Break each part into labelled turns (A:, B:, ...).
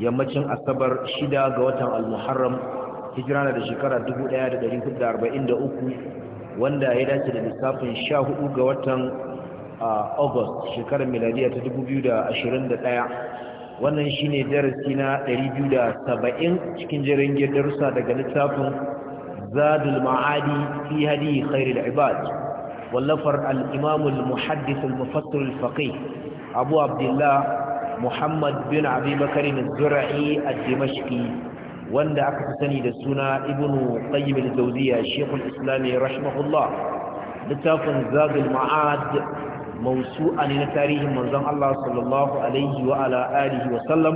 A: yammacin asabar shida ga watan al-muharram hijira da shekara 1443 wanda ya dace da lissafin 14 ga watan august shekarar miladiya ta 2021 wannan shine darasi na 270 cikin jerin darussa daga lissafin zadul ma'adi fi hadi khairul ibad wallafar al-imam al-muhaddith al-mufassir al-faqih abu abdullah muhammad bin abi bakarin zura'i a dimashki wanda aka fi sani da suna ibnu qayyim al-jawziya shekul islami rahimahullah littafin zagul ma'ad mawsu'a na tarihin manzon Allah sallallahu alaihi wa ala alihi wa sallam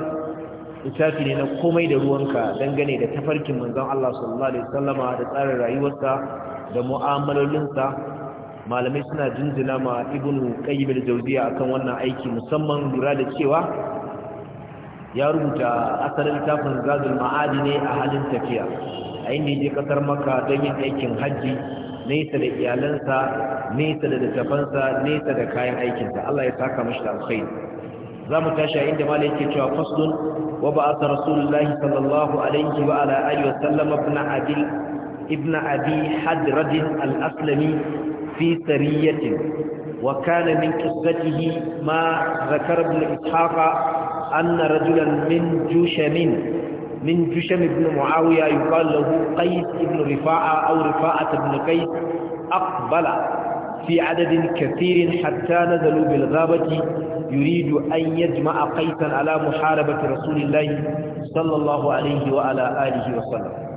A: littafi ne na komai da ruwanka dangane da tafarkin manzon Allah sallallahu alaihi wasallama da tsarin rayuwarsa da mu'amalolinsa malamai suna jinjina ma ibnu qayyim al-jawziya akan wannan aiki musamman lura da cewa ya rubuta asalin tafin zazul ma'adi ne a halin tafiya a inda yaje kasar maka don yin aikin hajji nesa da iyalansa nesa da littafansa nesa da kayan aikinsa Allah ya saka mashi da alkhairi za mu tashi a inda mala yake cewa faslun wa ba'atha rasulullahi sallallahu alaihi wa ala alihi wa sallam ibn abi ibn al-aslami fi sariyatin wa kana min kisatihi ma zakar ibn ishaqa anna rajulan min jushamin min jusham ibn muawiya yuqal lahu ibn rifa'a aw rifa'a ibn aqbala fi adadin kathirin hatta na bil ghabati yuridu an yajma'a qaisan ala muharabati rasulillahi sallallahu alayhi wa ala wa sallam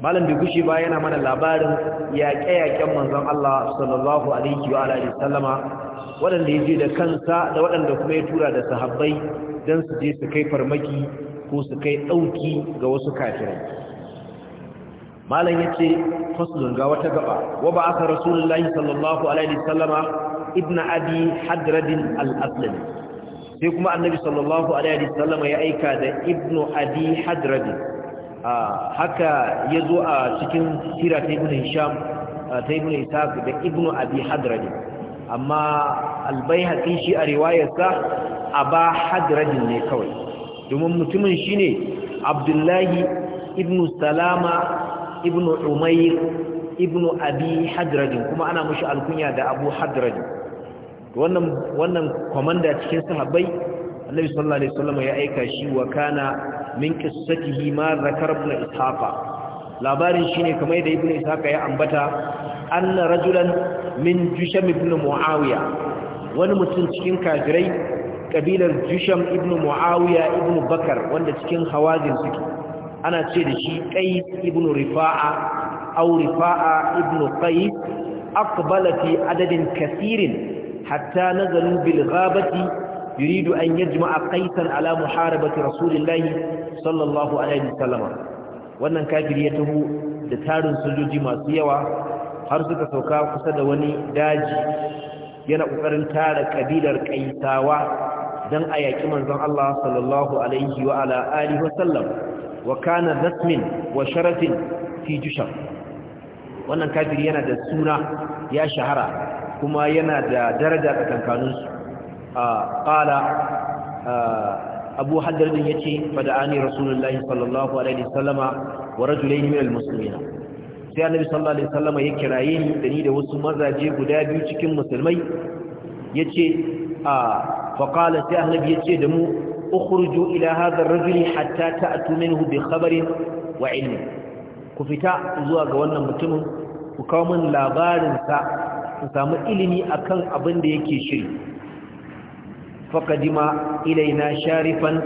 A: malam bai gushe ba yana mana labarin yaƙe-yaƙen manzon Allah sallallahu alaihi wa alihi sallama waɗanda ya je da kansa da waɗanda kuma ya tura da sahabbai don su je su kai farmaki ko su kai ɗauki ga wasu kafirai malam ya ce faslun ga wata gaba wa ba aka rasulullahi sallallahu alaihi sallama ibn abi hadradin al-aslami sai kuma annabi sallallahu alaihi sallama ya aika da ibn abi hadradin haka ya zo a cikin sira ta ibn hisham ta ibn isaac da ibn abi hadrad amma albayhaqi shi a riwayarsa aba hadrad ne kawai domin mutumin shine abdullahi ibn salama ibn umayr ibn abi hadrad kuma ana mushi alkunya da abu hadrad wannan wannan komanda cikin sahabbai annabi sallallahu alaihi wasallam ya aika shi wa kana min qissatihi ma zakar ibn ishaqa labarin shine kamar yadda ibn ishaqa ya ambata anna rajulan min jusham ibn muawiya wani mutum cikin kafirai kabilar jusham ibn muawiya ibn bakar wanda cikin hawazin suke ana ce da shi qais ibn rifa'a aw rifa'a ibn qais aqbala fi adadin kasirin hatta nazalu bil ghabati yuridu an yajma'a qaisan ala muharabati rasulillahi sallallahu alaihi wasallama wannan kafiri ya taho da tarin sojoji masu yawa har suka sauka kusa da wani daji yana kokarin tara kabilar kaisawa dan a yaki manzon Allah sallallahu alaihi wa ala alihi wasallam wa kana wa sharafin fi jushan wannan kafiri yana da suna ya shahara kuma yana da daraja tsakankaninsu a ƙala abu haddar din yace fada'ani rasulullahi sallallahu alaihi wasallama wa rajulayn min almuslimina sai annabi sallallahu alaihi wasallama ya kiraye ni da ni da wasu mazaje guda biyu cikin musulmai yace a fa sai annabi yace da mu ukhruju ila hadha rajuli hatta ta'tu minhu bi khabarin wa ilmi ku fita zuwa ga wannan mutumin ku kawo min labarinsa ku samu ilimi akan abin da yake shiri faƙadima ilaina sharifan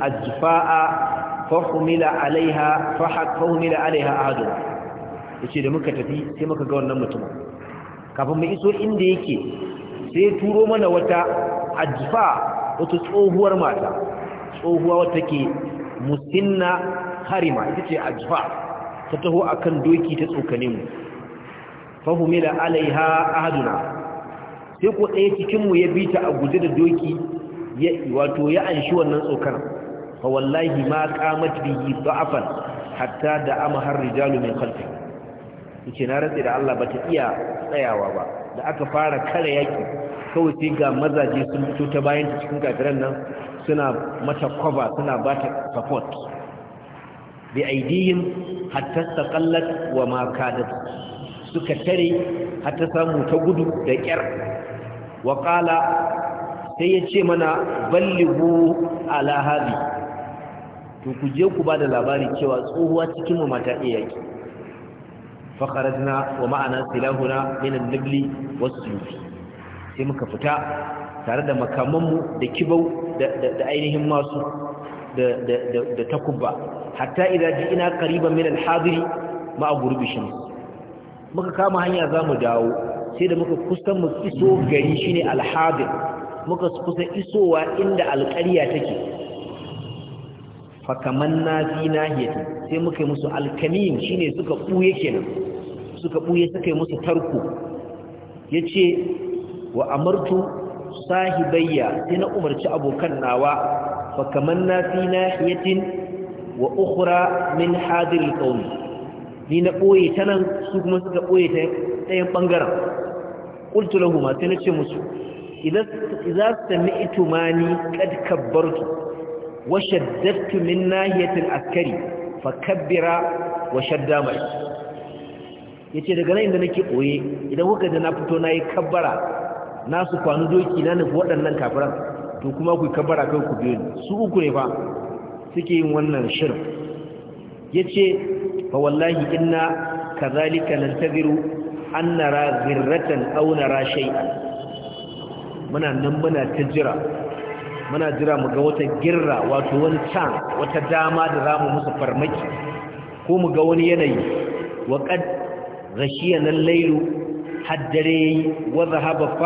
A: azfa'a fahumila alaiha fahumila alaiha ahadu ya ce da muka tafi sai muka ga wannan mutumin kafin mu iso inda yake sai turo mana wata ajfa wata tsohuwar mata tsohuwa wata ke musinna harima ita ce ajfa ta taho akan doki ta tsokane mu fahumila alaiha ahaduna sai ko ɗaya cikinmu ya bi ta a guje da doki wato ya anshi wannan tsokar fa wallahi ma qamat bihi da'afan hatta da amhar rijalu min khalfi yake na rantsi da Allah bata iya tsayawa ba da aka fara kare yaki kawai sai ga mazaje sun fito ta bayan ta cikin kafiran nan suna mata cover suna bata support bi aidihim hatta taqallat wa ma kadat suka tare har ta samu ta gudu da ƙyar wa sai ya ce mana ballibu alahabi to ku je ku ba da labari cewa tsohuwa cikinmu mata iya yaki fakarajina wa ma'ana silahuna minan nubli wasu yufi sai muka fita tare da makamanmu da kibau da ainihin masu da takubba hatta idan ji ina ƙariban minan hadiri ma'a gurbishin muka kama hanya za mu dawo sai da muka kusan mu iso gari shi ne alhabir muka kusan isowa inda alƙarya take na fi nahiyati sai muka yi musu alkamin ne suka buye kenan suka ɓuye suka yi musu tarko ya ce wa amartu sahibayya sai na umarci abokan nawa na fi nahiyatin wa ukura min hadirin alqawm ni na ɓoye ta nan su kuma suka ɓoye ta ɗayan ɓangaren ƙultu lahu ma sai na ce musu su sami ni kad kabbartu wa shaddattu min nahiyatil askari fa kabbira wa shadda mai ce daga nan inda nake ɓoye idan kuka da na fito na yi kabbara na su kwanu doki na nufi waɗannan kafiran to kuma ku kabbara kai ku biyo su uku ne ba suke yin wannan shirin ya ce. Ba wallahi inna kazalika nantadiru an zirratan aw nara muna nan muna ta jira muna jira mu wata girra wato wani can wata dama da zamu musu farmaki ko muga wani yanayi wa qad ghashiyana al-laylu haddare wa dhahaba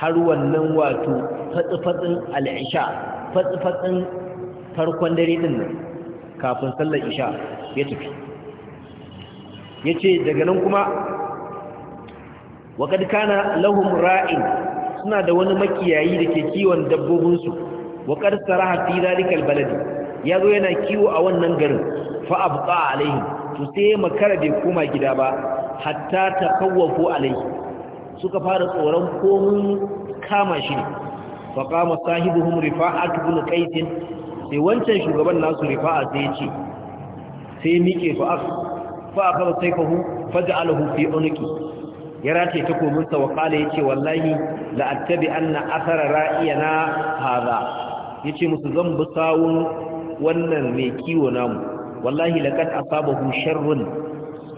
A: har wannan wato fatsi farkon dare din kafin sallar isha ya tafi ya ce daga nan kuma waƙad kana lahum ra'in suna da wani makiyayi da ke kiwon dabbobinsu waƙad saraha fi baladi ya zo yana kiwo a wannan garin fa abqa alaihim to sai makara bai koma gida ba hatta takawwafu alaihi suka fara tsoron komun kama shi ne fa qama sahibuhum rifa'at ibn sai wancan shugaban nasu rifa'a sai ya ce sai miƙe fa'afar sai fahu faja alahu fi unuki ya race ta kominsa wa kala ya ce wallahi la'attabi an na asara ra'iya na haza ya ce musu zan bi sawun wannan mai kiwo namu wallahi a saba sharrun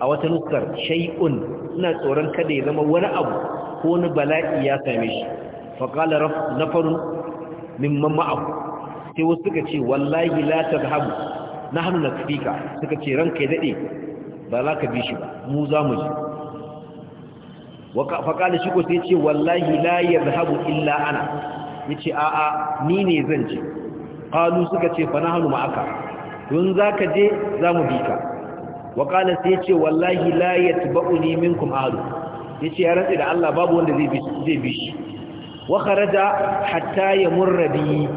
A: a wata nuskar shai'un ina tsoron kada ya zama wani abu ko wani bala'i ya same shi faƙala nafarun mimman ma'abu sai wasu suka ce wallahi la tadhhabu nahnu nakfika suka ce ranka ya dade ba za ka bi shi ba mu za mu ji faƙali shi ko sai ce wallahi la yadhhabu illa ana yace a a ni ne zan ji. qalu suka ce fa nahnu ma'aka tun ka je za mu bi ka waƙala sai ce wallahi la yatba'uni minkum ahad yace ya rantsi da Allah babu wanda zai bi zai bi shi wa kharaja hatta yamurra bi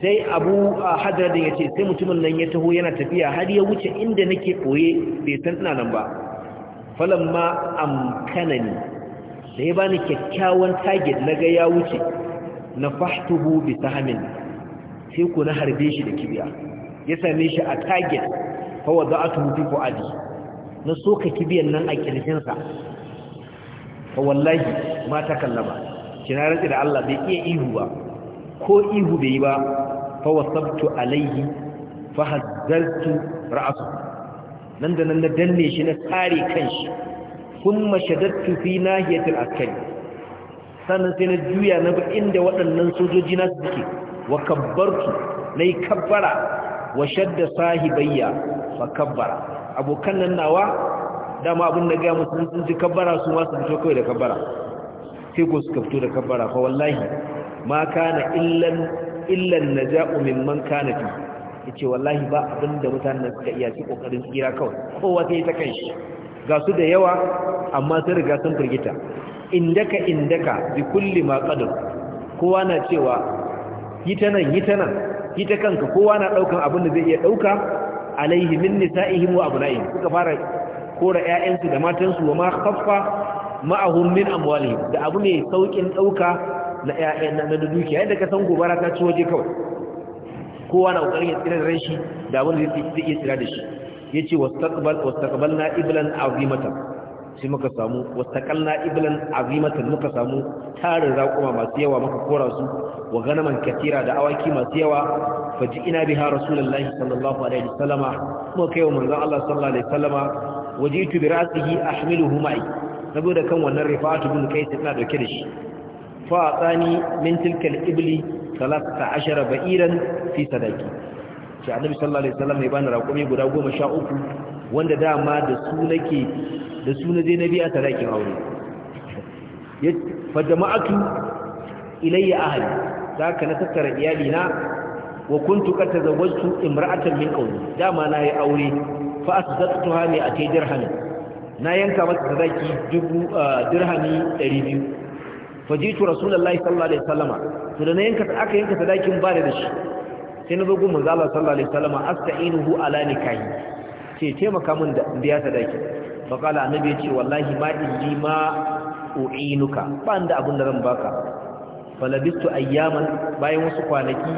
A: sai abu a ah, hadaradin ya ce sai mutumin nan ya taho yana tafiya har ya wuce inda nake ɓoye bai san ina nan ba falon ma amkana da ya bani kyakkyawan target na ga ya wuce na fahtuhu bi sahamin sai ku na harbe shi da kibiya ya same shi a target fawa za a fi fu'adi na soka kibiyan nan a kirjinsa fa wallahi mata kallaba kina rantsi da Allah bai iya ihu ba ko ihu bai yi ba fa alaihi fa ra'asu ra'su nan da nan na danne shi na tsare kanshi kuma shadattu fi nahiyatil askari sannan sai na juya na ba inda waɗannan sojoji na suke wa na yi kabbara wa shadda sahibayya wa kabbara abokan nan nawa dama abin da gaya musu sun ji kabbara su ma fito kawai da kabbara sai ko suka fito da kabbara fa wallahi ma kana illan illan na naja'u mimman kana fi ce wallahi ba abin da mutanen suka iya ci kokarin tsira kawai kowa yi ta kai ga su da yawa amma sun riga sun firgita indaka indaka bi kulli ma qadar kowa na cewa yi ta nan yi ta nan yi ta kanka kowa na daukan abin da zai iya ɗauka. alaihi min nisa'ihim wa abna'ihim suka fara kora ƴaƴansu da matansu wa ma khaffa ma'ahum min amwalihim da abu ne saukin ɗauka. na ƴaƴan nan na dukiya yadda ka san gobara ta ci waje kawai kowa na kokarin ya tsira da ranshi da abin da zai iya tsira da shi yace wastaqbal wastaqbalna iblan azimatan sai muka samu wastaqalna iblan azimatan muka samu tarin raƙuma masu yawa muka kora su wa ganaman katira da awaki masu yawa ina biha rasulullahi sallallahu alaihi wasallama kuma kai wa manzon Allah sallallahu alaihi wasallama wajitu bi ra'sihi ahmiluhu ma'i saboda kan wannan rifa'atu bin kai tana dauke da shi fa'atani min tilkal ibli talata ashara ba'iran fi sadaki shi annabi sallallahu alaihi wasallam ya bani raƙumi guda goma sha uku wanda dama da su nake da su na je a sadakin aure ya fa jama'atu ilayya ahli zaka na tattara iyali na wa kuntu qad tazawwajtu imra'atan min qawmi dama na yi aure fa asdaqtuha mi atay dirham na yanka mata sadaki dubu dirhami 200 fajitu rasulullahi sallallahu alaihi wasallama to da na yanka aka yanka sadakin ba da shi sai na zo gun manzo Allah sallallahu alaihi wasallama astainuhu ala nikahi ce taimaka min da biya sadaki fa qala annabi ce wallahi ma illi ma u'inuka ba inda abun da zan baka falabistu ayyaman bayan wasu kwanaki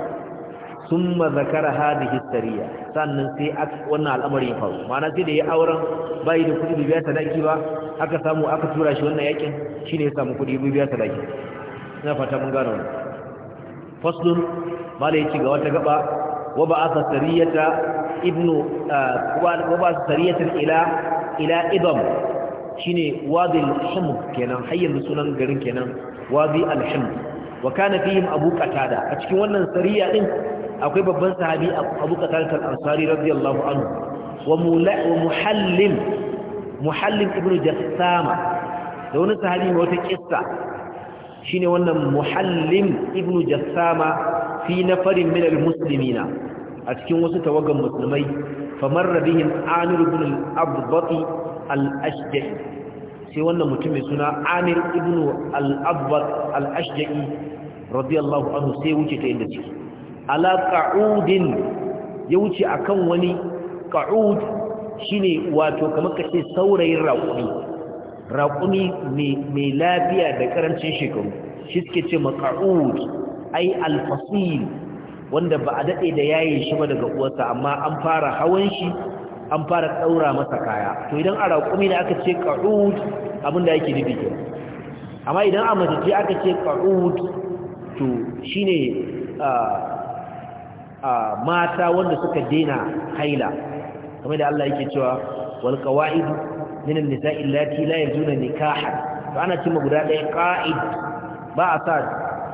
A: summa zakara hadhihi sariya sannan sai wannan al'amari ya faru ma'ana sai da ya auren bai da kudi biya sadaki ba aka samu aka tura shi wannan yakin shine ya samu kudi bibiya sadaki ina fata mun gano wannan faslun malai ci ga wata gaba wa ba'atha sariyata ibnu ah, wa ba'atha sariyatan ila ila idam shine wadi al-humd kenan hayyan sunan garin kenan wadi al-humd wa kana fihim abu qatada a cikin wannan sariya din akwai babban sahabi abu qatada al-ansari radiyallahu anhu wa muhallim muhallin ibn jassama da wani sahabi mai wata kissa shine wannan muhallin ibnu jassama fi nafarin min almuslimina a cikin wasu tawagan musulmai famarra bihim amir ibn al al-ashja'i sai wannan mutum mai suna amir ibn al-abbat al-ashja'i radiyallahu anhu sai wuce ta inda ciki ala qa'udin ya wuce akan wani qa'ud Shi ne wato kamar kace saurayin raƙumi raƙumi mai lafiya da ƙarancin shekaru shi suke ce maka'ud ai alfasil wanda ba a daɗe da yayin shi ba daga uwarsa amma an fara hawan shi an fara ɗaura masa kaya to idan a raƙumi da aka ce ƙa'ud, abin da yake dubi amma idan a matace aka ce ƙa'ud, to shi ne ah, ah, mata wanda suka dena haila kamar da Allah yake cewa wal qawaid min an-nisa'i allati la yajuna nikahan to ana cewa guda ɗaya qa'id ba a sa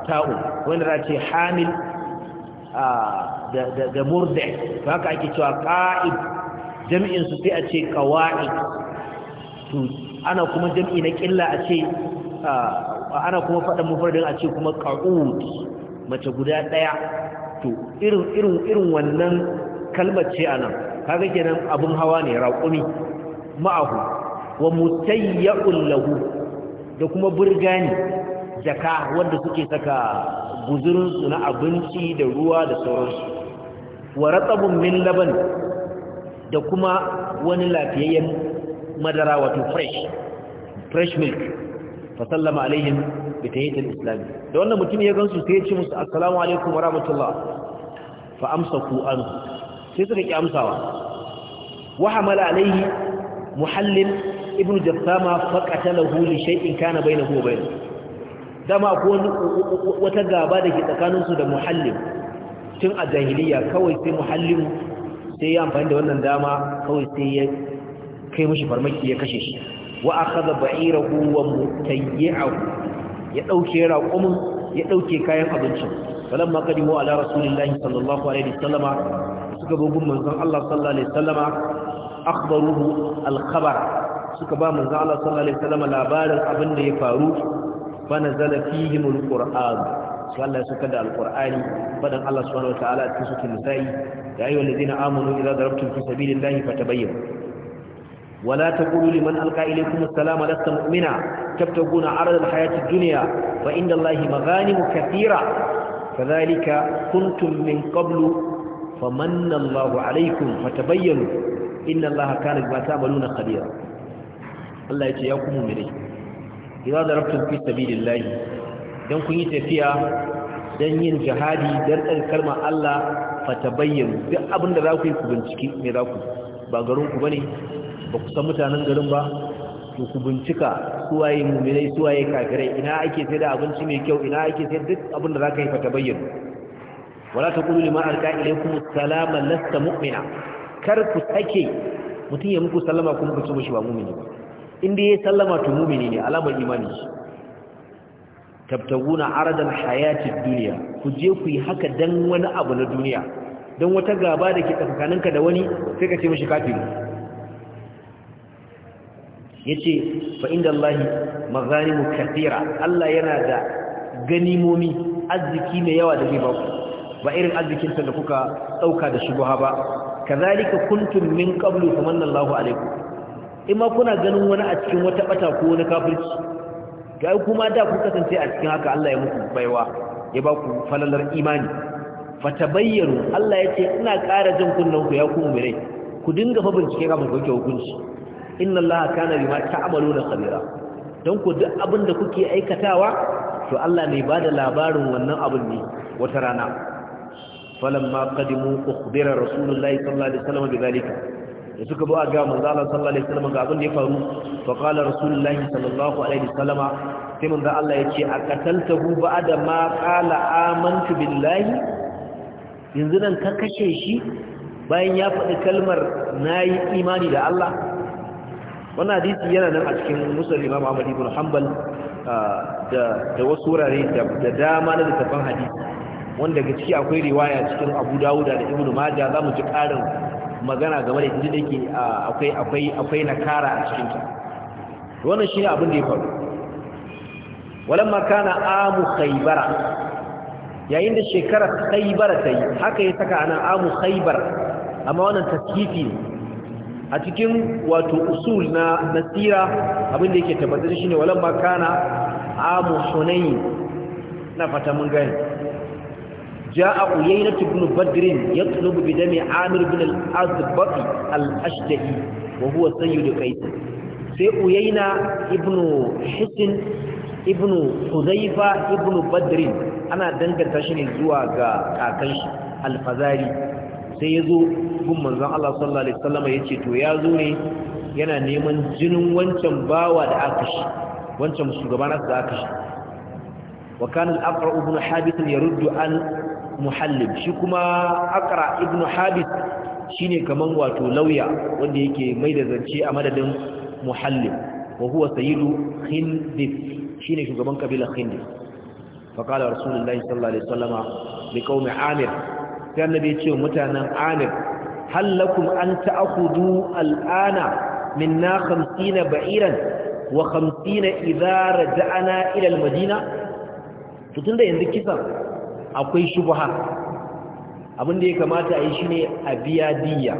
A: ta'u wanda za ce hamil da da murda to haka ake cewa qa'id jami'in su sai a ce qawaid to ana kuma jami'i na killa a ce ana kuma faɗin mufardin a ce kuma qa'ud mace guda ɗaya to irin irin irin wannan kalmar ce anan kaga kenan abun hawa ne raƙumi ma'ahu wa mutayya'un lahu da kuma burgani jaka wanda suke saka guzurinsu na abinci da ruwa da sauransu wa ratsabun min laban da kuma wani lafiyayyen madara wato fresh fresh milk fa sallama alaihim bi tahiyatil islam da wannan mutum ya gansu sai ya ce musu assalamu alaikum wa rahmatullah fa amsaku anhu sai suka ki amsawa wa hamala alaihi muhallin ibnu jassama faqatalahu li shay'in kana bainahu wa bainahu dama ko wata gaba da ke tsakaninsu da muhallin tun a jahiliya kawai sai muhallin sai ya amfani da wannan dama kawai sai ya kai mishi farmaki ya kashe shi wa akhadha ba'irahu wa mutayyi'ahu ya dauke raqumin ya dauke kayan abincin falamma qadimu ala rasulillahi sallallahu alaihi wasallama suka bugun manzon Allah sallallahu alaihi wasallama akhbaruhu al-khabar suka ba manzon Allah sallallahu alaihi wasallama labarin abin da ya faru fa nazala fihim al-qur'an sai Allah ya da al fadan Allah subhanahu wataala a cikin sukin nisa'i ya ayyuhal ladina amanu idza darabtum fi sabilillahi fatabayyanu ولا تقولوا لمن ألقى mumina السلام لست مؤمنا تبتغون عرض الحياة الدنيا فإن الله مغانم كثيرة كذلك كنتم من قبل famanna Allahu alaikum fatabayyanu inna Allaha kana bima ta'maluna khabira Allah yace ya ku mu'mini idza darabtum fi sabilillah dan kun yi tafiya dan yin jihadi dan dan kalmar Allah fatabayyanu duk abin da za ku yi ku bincike me za ku ba garin ku bane ba ku san mutanen garin ba to ku bincika suwaye mu'minai suwaye kafirai ina ake sai da abinci mai kyau ina ake sai duk abin da za ka yi fatabayyanu wala taqulu liman alqa kuma salama lasta mu'mina kar ku sake mutum ya muku sallama kuma ku ce mishi ba mu'mini ba inda ya sallama to mu'mini ne alamar imani shi tabtaguna aradan hayati duniya. ku je ku yi haka dan wani abu na duniya dan wata gaba da ke tsakaninka da wani sai ka ce mishi kafiri yace fa inda Allah maghanimu kafira. Allah yana da ganimomi arziki mai yawa da zai baku ba irin arzikinta da kuka ɗauka da shubuha ba kazalika kuntum min qablu famanna Allahu alaikum in kuna ganin wani a cikin wata bata ko wani kafirci ga kuma da ku kasance a cikin haka Allah ya muku baiwa ya ba ku falalar imani bayyanu Allah ya ce ina ƙara jin kunnan ku ya ku mure rai ku dinga fa bincike mun goke hukunci inna Allah kana bima ta'maluna khabira don ku duk abin da kuke aikatawa to Allah mai da labarin wannan abin ne wata rana فلما قدموا اخبر رسول الله صلى الله عليه وسلم بذلك suka bu a ga manzo Allah sallallahu alaihi wasallam ga abin da ya faru fa qala rasulullahi sallallahu alaihi wasallama sai manzo Allah yace a katalta hu ba da ma qala amantu billahi yanzu nan ka shi bayan ya faɗi kalmar nayi imani da Allah wannan hadisi yana nan a cikin musnad Imam Ahmad da da wasu rare da dama na littafin hadisi wanda daga ciki akwai riwaya cikin abu dawuda da Ibn maja za mu ji ƙarin magana game da inda yake akwai akwai akwai nakara a cikin ta wannan shine abin da ya faru walamma kana amu khaybara yayin da shekarar khaybara ta yi haka ya saka ana amu khaybar amma wannan tasfifi a cikin wato usul na nasira abin da yake tabbatar shine walamma kana amu hunayn na fata mun gani جاء عيينة بن بدر يطلب بدم عامر al الأزبط الأشدهي وهو سيد قيس sai uyaina Ibn hisin Ibn huzaifa Ibn badrin ana danganta shi ne zuwa ga kakan shi alfazari sai ya zo gun manzon Allah sallallahu alaihi wasallam ya to ya zo ne yana neman jinin wancan bawa da aka shi wancan shugaba da aka shi wa kana al-aqra ibn habith yaruddu an muhallim shi kuma akara ibnu habis shine kaman wato lauya wanda yake mai da zance a madadin muhallim wa huwa sayyidu khindif shine shugaban kabilar khindif fa qala rasulullahi sallallahu alaihi wasallama li qaumi amir sai annabi ya ce mutanen amir hal lakum an ta'khudhu al'ana minna 50 ba'iran wa 50 idza raja'na ila al-madina to tunda yanzu kisan akwai shubha abinda ya kamata a yi shi ne a biya diya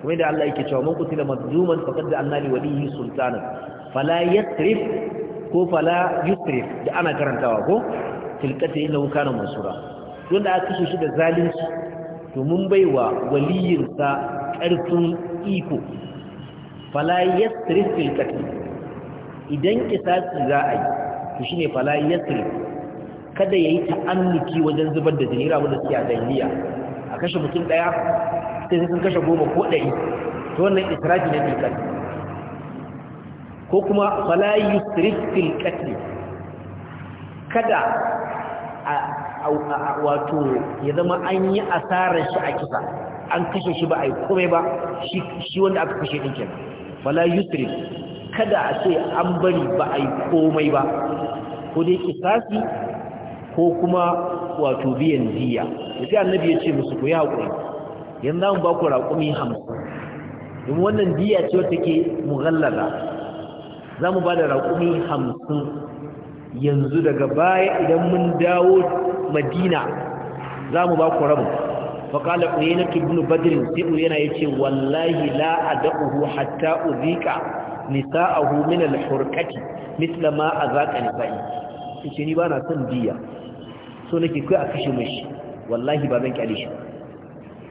A: kuma da Allah yake cewa man qutila mazluman faqad da annali walihi sultana fala yatrif ko fala yutrif da ana karantawa ko tilkata innahu kana masura. don da aka shi da zalunci to mun baiwa waliyinsa karfin iko fala yatrif tilkata idan kisa za a yi to ne fala yatrif kada ya yi ta'annuki wajen zubar da jini rabu da suke a jahiliya a kashe mutum ɗaya sai sai sun kashe goma ko ɗari to wannan israfi na filkat ko kuma falayi yusrif filkat ne kada wato ya zama an yi asarar shi a kisa an kashe shi ba a yi komai ba shi wanda aka kashe ɗin kenan falayi yusrif kada a ce an bari ba a yi komai ba ko dai kisasi ko kuma wato biyan diya sai annabi ya ce musu ku yi hakuri yanzu an ba ku raqumi 50 don wannan diya ce wacce take mughallala za mu ba da raqumi 50 yanzu daga baya idan mun dawo madina za mu ba ku rabu fa qala uyayna ibn badr sai uyayna yace wallahi la ad'uhu hatta udhika nisa'ahu min al-hurqati mithla ma azaqa nisa'i yace ni ba na son diya so nake kai a kashe shi. wallahi ba zan kyale shi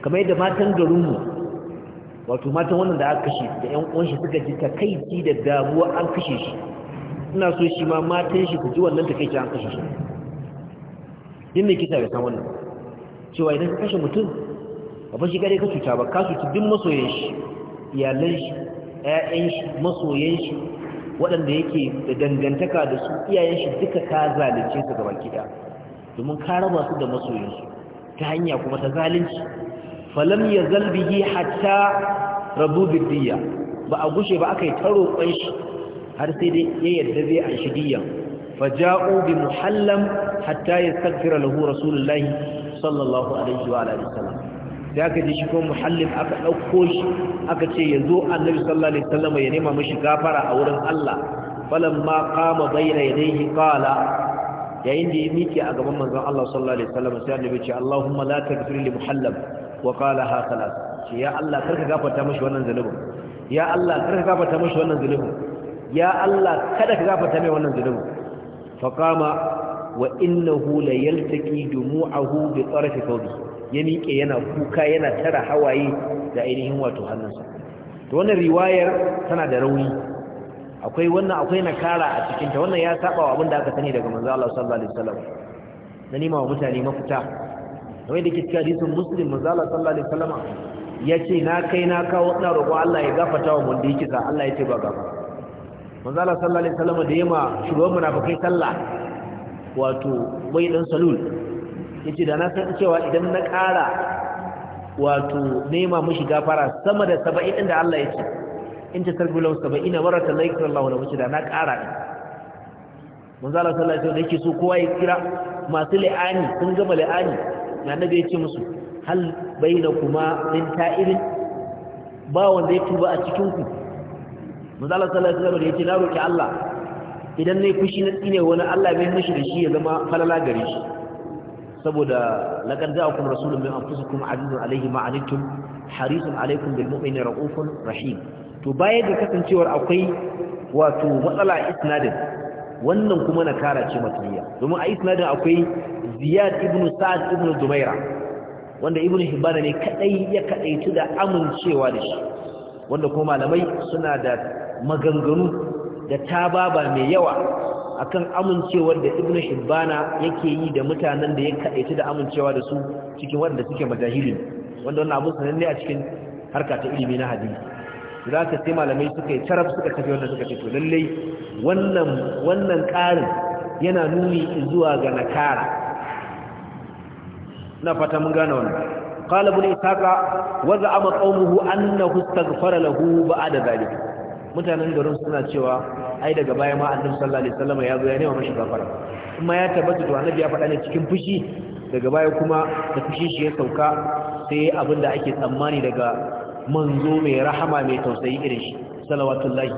A: kamar yadda matan garinmu wato matan wannan da aka kashe da ƴan uwan shi suka ji takaici da damuwa an kashe shi ina so shi ma matan shi ku ji wannan takaici an kashe shi din ne kisa ga san wannan cewa idan ka kashe mutum ba fa shi kare ka cuta ba ka cuta duk masoyan shi iyalan shi ƴaƴan shi masoyan shi waɗanda yake da dangantaka da su iyayen shi duka ka zalunce su gaba ki domin ka raba su da masoyinsu ta hanya kuma ta zalunci falam ya zalbihi hatta rabu bidiya ba a gushe ba aka yi taro kwanshi har sai dai ya yarda zai an shidiya fa ja'u bi muhallam hatta yastaghfira lahu rasulullahi sallallahu alaihi wa alihi da aka ji shi muhallin aka dauko shi aka ce yazo annabi sallallahu alaihi ya nema mashi gafara a wurin Allah falamma qama ya yadayhi qala yayin da ya miƙe a gaban manzon Allah sallallahu alaihi wasallam sai annabi ce Allahumma la taghfir li wa ce ya Allah karka gafarta mishi wannan ya Allah karka gafarta mishi wannan zalubin ya Allah kada ka gafarta mai wannan zalubin fa qama wa innahu la yaltaqi dumu'ahu bi thawbi ya miƙe yana kuka yana tara hawaye da ainihin wato hannunsa to wannan riwayar tana da rauni akwai wannan akwai nakara a cikinta wannan ya saba wa abinda aka sani daga manzo Allah sallallahu alaihi wasallam na nima wa mutane mafita kamar da ke cikin hadisin muslim manzo Allah sallallahu alaihi wasallam ya ce na kai na kawo na roƙo Allah ya gafarta wa mun da sa Allah ya ce ba gafa manzo Allah sallallahu alaihi wasallam da yema shugaban munafikai sallah wato bai dan salul yace da na san cewa idan na kara, wato nema mushi gafara sama da 70 din da Allah yake in ta tarbi lau saba'ina maratan la yakra Allahu lahu da na ƙara ne manzo Allah sallallahu alaihi wasallam yake so kowa ya kira masu la'ani sun gama la'ani na nabi ya ce musu hal bai na bainakuma min ta'irin ba wanda ya tuba a cikin ku manzo Allah sallallahu alaihi ya ce na roƙi Allah idan na yi fushi na tsine wani Allah mai mishi da shi ya zama falala gare shi saboda laqad ja'akum rasulun min anfusikum azizun alayhi ma anittum harisun alaykum bil mu'minina ra'ufun rahim to baya da kasancewar akwai wato matsala a isnadin wannan kuma na kara ce matsaliya domin a isnadin akwai ziyad ibn sa'ad ibn dumaira wanda ibn hibban ne kadai ya kadaitu da amincewa da shi wanda kuma malamai suna da maganganu da tababa mai yawa akan amincewar da ibn hibban yake yi da mutanen da ya kadaitu da amincewa da su cikin wanda suke majahilin wanda wannan abu sananne a cikin harka ta ilimi na hadisi za ka sai malamai suka yi carab suka tafi wanda suka fito lallai wannan ƙarin yana nuni zuwa ga nakara na fata mun gane wannan qala isaqa wa za'ama qawmuhu annahu istaghfara lahu ba'da zalika mutanen garin suna cewa ai daga baya ma annabi sallallahu alaihi wasallam ya zo ya nema mashi gafara kuma ya tabbata to annabi ya faɗa ne cikin fushi daga baya kuma da fushi shi ya sauka sai abinda ake tsammani daga manzo mai rahama mai tausayi irin shi salawatullahi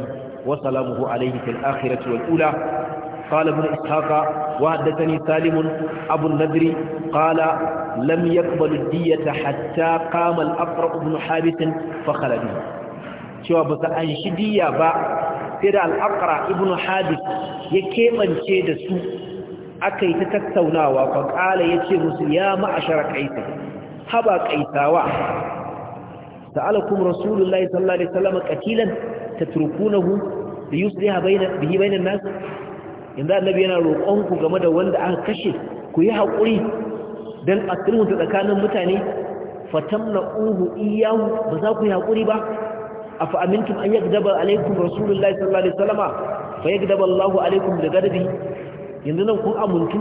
A: wa salamuhu alaihi fil akhirati wal ula qala ibn ishaqa wa haddathani salim abu nadri qala lam yaqbal diyata hatta qama al-aqra ibn habis fa khala cewa ba an shi diya ba sai da al-aqra ibn habis ya kebance da su aka ta tattaunawa fa qala yace musu ya ma'ashara qaisa haba qaisawa ta'alakum rasulullahi sallallahu alaihi wasallam qatilan tatrukunahu liyusliha bayna bihi bayna an-nas inda annabi yana roƙon ku game da wanda aka kashe ku yi haƙuri dan asirmu ta tsakanin mutane fatamna'uhu iyyahu ba za ku yi haƙuri ba afa amintum an yagdaba alaikum rasulullahi sallallahu alaihi wasallam fa yagdaba Allahu alaikum bi ghadabi yanzu nan kun amuntu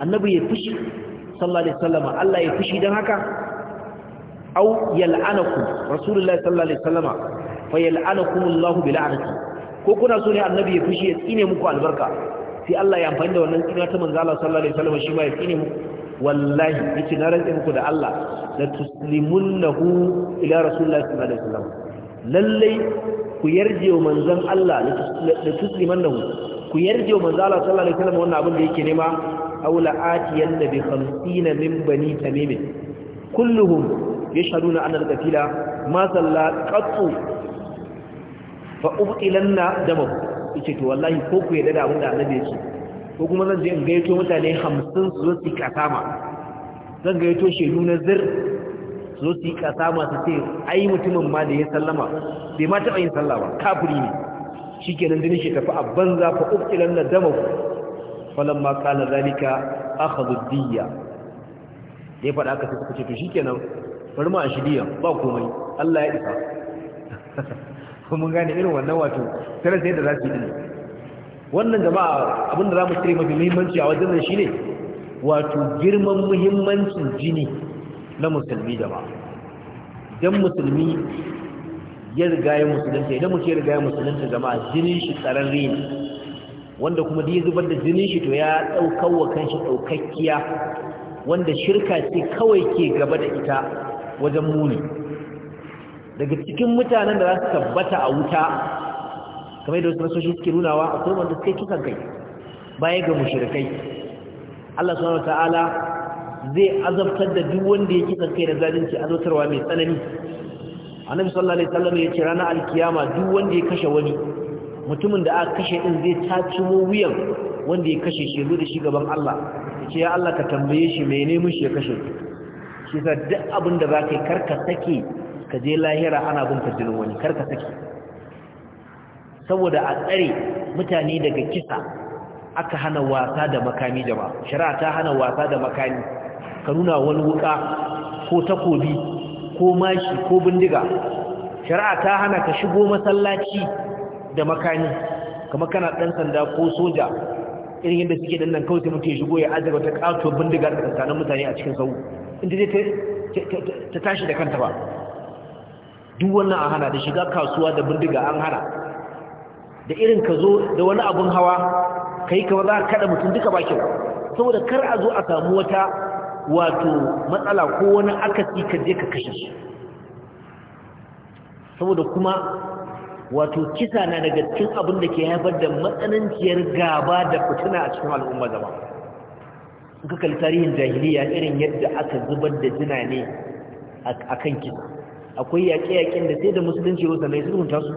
A: annabi ya fushi sallallahu alaihi wasallam Allah ya fushi dan haka au yal'anakum rasulullahi sallallahu alaihi wasallama fa yal'anakumullahu bil'anati ko kuna so ne annabi ya fushi ya tsine muku albarka sai Allah ya amfani da wannan tsina ta manzo Allah sallallahu alaihi wasallama shi ma ya tsine muku wallahi yace na rantsa muku da Allah la tuslimunnahu ila rasulullahi sallallahu alaihi wasallam lallai ku yarje wa manzon Allah la tuslimannahu ku yarje wa manzo Allah sallallahu alaihi wasallam wannan abin da yake nema aula atiyan nabi 50 min bani tamim kulluhum yashhaduna anna al-qatila ma salla qattu fa ubqilanna damahu yace to wallahi ko ku yadda da abin da annabi ko kuma zan je in gaito mutane 50 su zo zan gaito shedu na zir su zo su kasama ce ai mutumin ma da ya sallama bai ma taɓa yin sallah ba shi ne nan dinin shi tafi a banza fa ubqilanna falon falamma qala zalika akhadhu diyya da ya faɗa aka suka ce to shi kenan bari ma a shidiya ba komai Allah ya isa mun gane irin wannan wato tare sai da za su yi dinne wannan jama'a abinda za mu cire mafi muhimmanci a wajen nan shine wato girman muhimmancin jini na musulmi jama'a idan musulmi ya riga ya musulunta idan mutum ya riga ya musulunta jama'a jinin shi tsararre ne wanda kuma da ya zubar da jinin shi to ya ɗaukar wa kan shi ɗaukakkiya wanda shirka ce kawai ke gaba da ita wajen muni daga cikin mutanen da za su tabbata a wuta kamar da wasu nasoshi suke nunawa a kuma wanda suke kisan kai baya ga mushirikai. Allah subhanahu ta'ala zai azabtar da duk wanda ya kisan kai da zalunci azabtarwa mai tsanani annabi sallallahu alaihi wasallam ya ce ranar alkiyama duk wanda ya kashe wani mutumin da aka kashe din zai tacimo wuyan wanda ya kashe shi da shi gaban Allah ce ya Allah ka tambaye shi mene mushi ya kashe shi sa duk abin da za ka yi karka sake ka je lahira ana bin ka wani karka sake saboda a tsare mutane daga kisa aka hana wasa da makami jama'a shari'a ta hana wasa da makami ka nuna wani wuka ko takobi ko mashi ko bindiga shari'a ta hana ka shigo masallaci da makami kamar kana ɗan sanda ko soja irin yadda suke dannan kawai mutum ya shigo ya azaga ta bindigar da tsakanin mutane a cikin sau inda zai ta tashi da kanta ba duk wannan an hana da shiga kasuwa da bindiga an hana da irin ka zo da wani abun hawa ka yi za ka kada mutum duka bakin saboda kar a zo a samu wata wato matsala ko wani akasi ka je ka kashe su saboda kuma wato kisa na daga cikin abin da ke haifar da matsananciyar gaba da fitina a cikin al'umma zama suka kalli tarihin jahiliya irin yadda aka zubar da jina ne a kan kisa akwai yaƙe-yaƙen da sai da musulunci yau sanai sulhunta su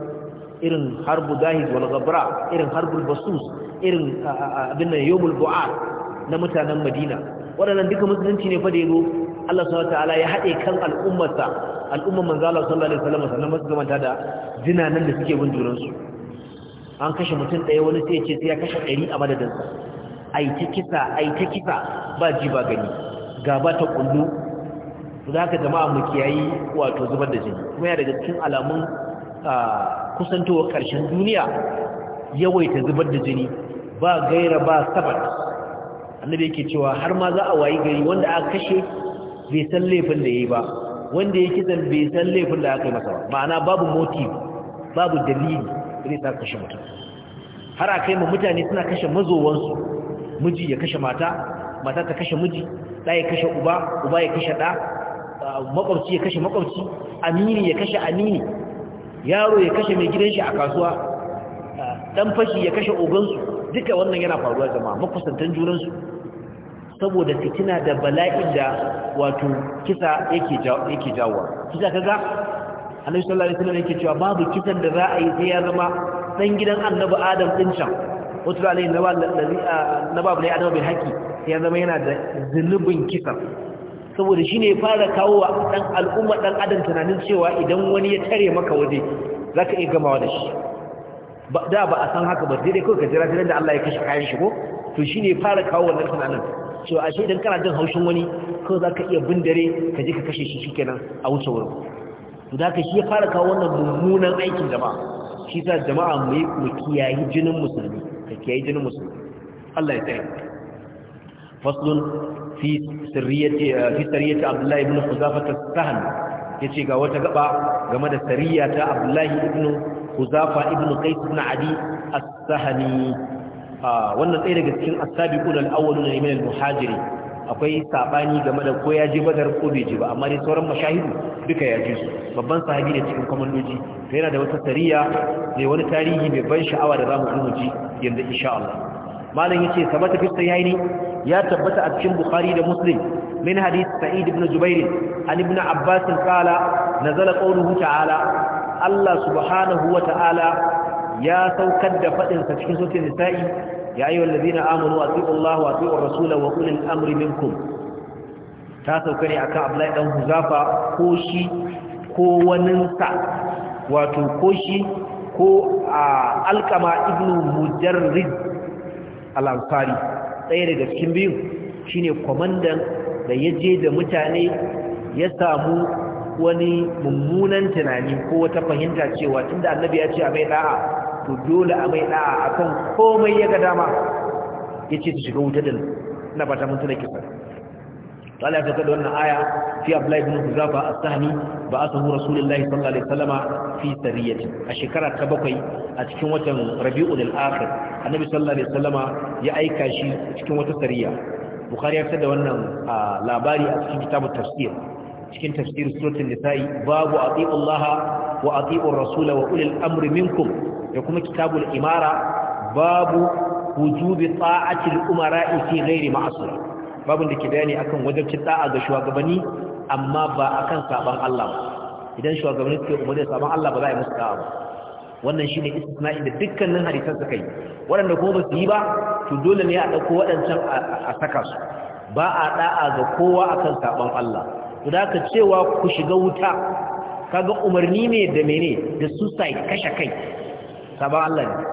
A: irin harbu zahid wal gabra irin harbul basus irin abin nan yomul bu'ar na mutanen madina waɗannan duka musulunci ne fa da zo. Allah subhanahu wataala ya haɗe kan al'ummarsa al'ummar manzo Allah sallallahu alaihi wasallam sannan masu da jinanan da suke bin su. an kashe mutum ɗaya wani sai ya ce sai ya kashe ɗari a sa ai ta kisa ai ta kisa ba ji ba gani gaba ta kullu da haka jama'a mu kiyayi wato zubar da jini kuma ya daga cikin alamun kusantowar karshen duniya yawaita zubar da jini ba gaira ba sabat annabi yake cewa har ma za a wayi gari wanda aka kashe bai san laifin da yayi ba wanda ya kisan bai san laifin da aka yi masa ba ma'ana babu motive babu dalili zai sa kashe mutum har a kai ma mutane suna kashe mazowansu miji ya kashe mata mata ta kashe miji ɗa ya kashe uba uba ya kashe ɗa makwabci ya kashe makwabci amini ya kashe amini yaro ya kashe mai gidan shi a kasuwa ɗan fashi ya kashe ogansu duka wannan yana faruwa jama'a makusantan junansu saboda fitina da bala'in da wato kisa yake yake jawo kisa kaga Annabi sallallahu alaihi wasallam yake cewa babu kisan da za a yi sai ya zama dan gidan Annabi Adam din can wato alai na wallazi na babu ne Adam bil haqi sai ya zama yana da zulubin kisa saboda shine ya fara kawo wa dan al'umma dan adam tunanin cewa idan wani ya tare maka waje zaka iya gamawa da shi da ba a san haka ba sai dai kawai ka jira sai da Allah ya kashe kayan shi ko to shine ya fara kawo wannan tunanin cewa ashe idan kana jin haushin wani kawai za ka iya bin ka je ka kashe shi shikenan a wuce wurin to da ka shi ya fara kawo wannan mummunan aikin jama'a shi sa jama'a mu yi mu kiyayi jinin musulmi ka kiyayi jinin musulmi Allah ya tsare faslun fi sirriyati eh, fi sirriyati Abdullah ibn Khuzafah as-Sahl yace ga wata gaba game da sirriya ta Abdullah ibn Khuzafah ibn Qais ibn Adi as-Sahani wannan tsaye daga cikin asabiqun al-awwalun min al-muhajiri akwai sabani game da ko ya je badar ko bai je ba amma dai sauran mashahidu duka ya je su babban sahabi ne cikin kwamandoji ta yana da wata sariya mai wani tarihi mai ban sha'awa da zamu kuma ji yanzu insha Allah malam yace sabata fi sahihaini ya tabbata a cikin bukhari da muslim min hadith sa'id ibn jubair an ibn abbas qala nazala qawluhu ta'ala Allah subhanahu wa ta'ala ya saukar da faɗinsa cikin sautin nisa'i ya ayyuhal ladina amanu wa atiqu Allah wa atiqu rasula wa ulil amri minkum ta sauka ne akan Abdullahi dan Huzafa ko shi ko waninsa wato ko shi ko a alkama ibnu mujarrid al-ansari ɗaya daga cikin biyu shine kwamandan da ya je da mutane ya samu wani mummunan tunani ko wata fahimta cewa tunda annabi ya ce a mai da'a to dole a mai da'a akan komai ya ga dama yace su shiga wuta din ina ta mun tuna kisa to Allah ya kada wannan aya fi Abdullah ibn Huzafa as-Sahmi sahu Rasulullahi sallallahu alaihi wasallama fi sariyati a shekara ta bakwai a cikin watan Rabiul akhir Annabi sallallahu alaihi wasallama ya aika shi cikin wata sariya Bukhari ya da wannan labari a cikin kitabun tafsir cikin tafsir suratul nisa'i babu atiullaha wa atiur rasul wa ulil amri minkum da kuma kitabul imara babu wujubi ta'atil umara'i fi ghairi ma'asura babun da ke bayani akan wajibcin da'a ga shugabanni amma ba akan saban Allah idan shugabanni suke umarni saban Allah ba za a yi musu da'a ba wannan shine istisna'in da dukkanin hadisan suka yi waɗanda kuma ba su yi ba to dole ne a ɗauko waɗancan a saka su ba a da'a ga kowa akan saban Allah to da ka cewa ku shiga wuta kaga umarni ne da mene da suicide kashe kai saban Allah ne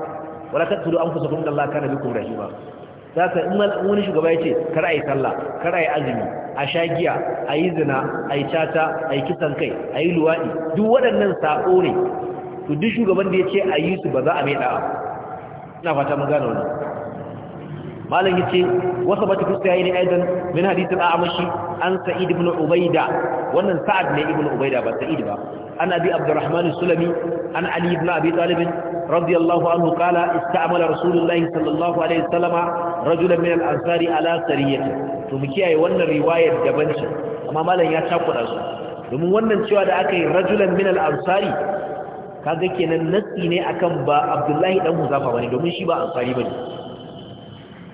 A: wala taqtulu anfusakum inna Allaha kana bikum rahima in wani shugaba ai sallah kar azumi a shagiya ayi zina ayi a ayi kisan kai ayi luwaɗi duk waɗannan sako ne to duk shugaban da yace ayi su ba za a mai fata mun malam yace wasa yayi ne aidan min a'amashi an sa'id ibn ubaida wannan sa'ad ne ibn ubaida ba sa'id ba an abi abdurrahman sulami عن علي بن أبي طالب رضي الله عنه قال استعمل رسول الله صلى الله عليه وسلم رجلا من الأنصار على سرية تمكي أي وانا رواية جبنش أما مالا يتاقل أسو domin wannan cewa da aka yi rajulan min al-ansari kaga kenan nasi ne akan ba Abdullahi dan Huzafa bane domin shi ba ansari bane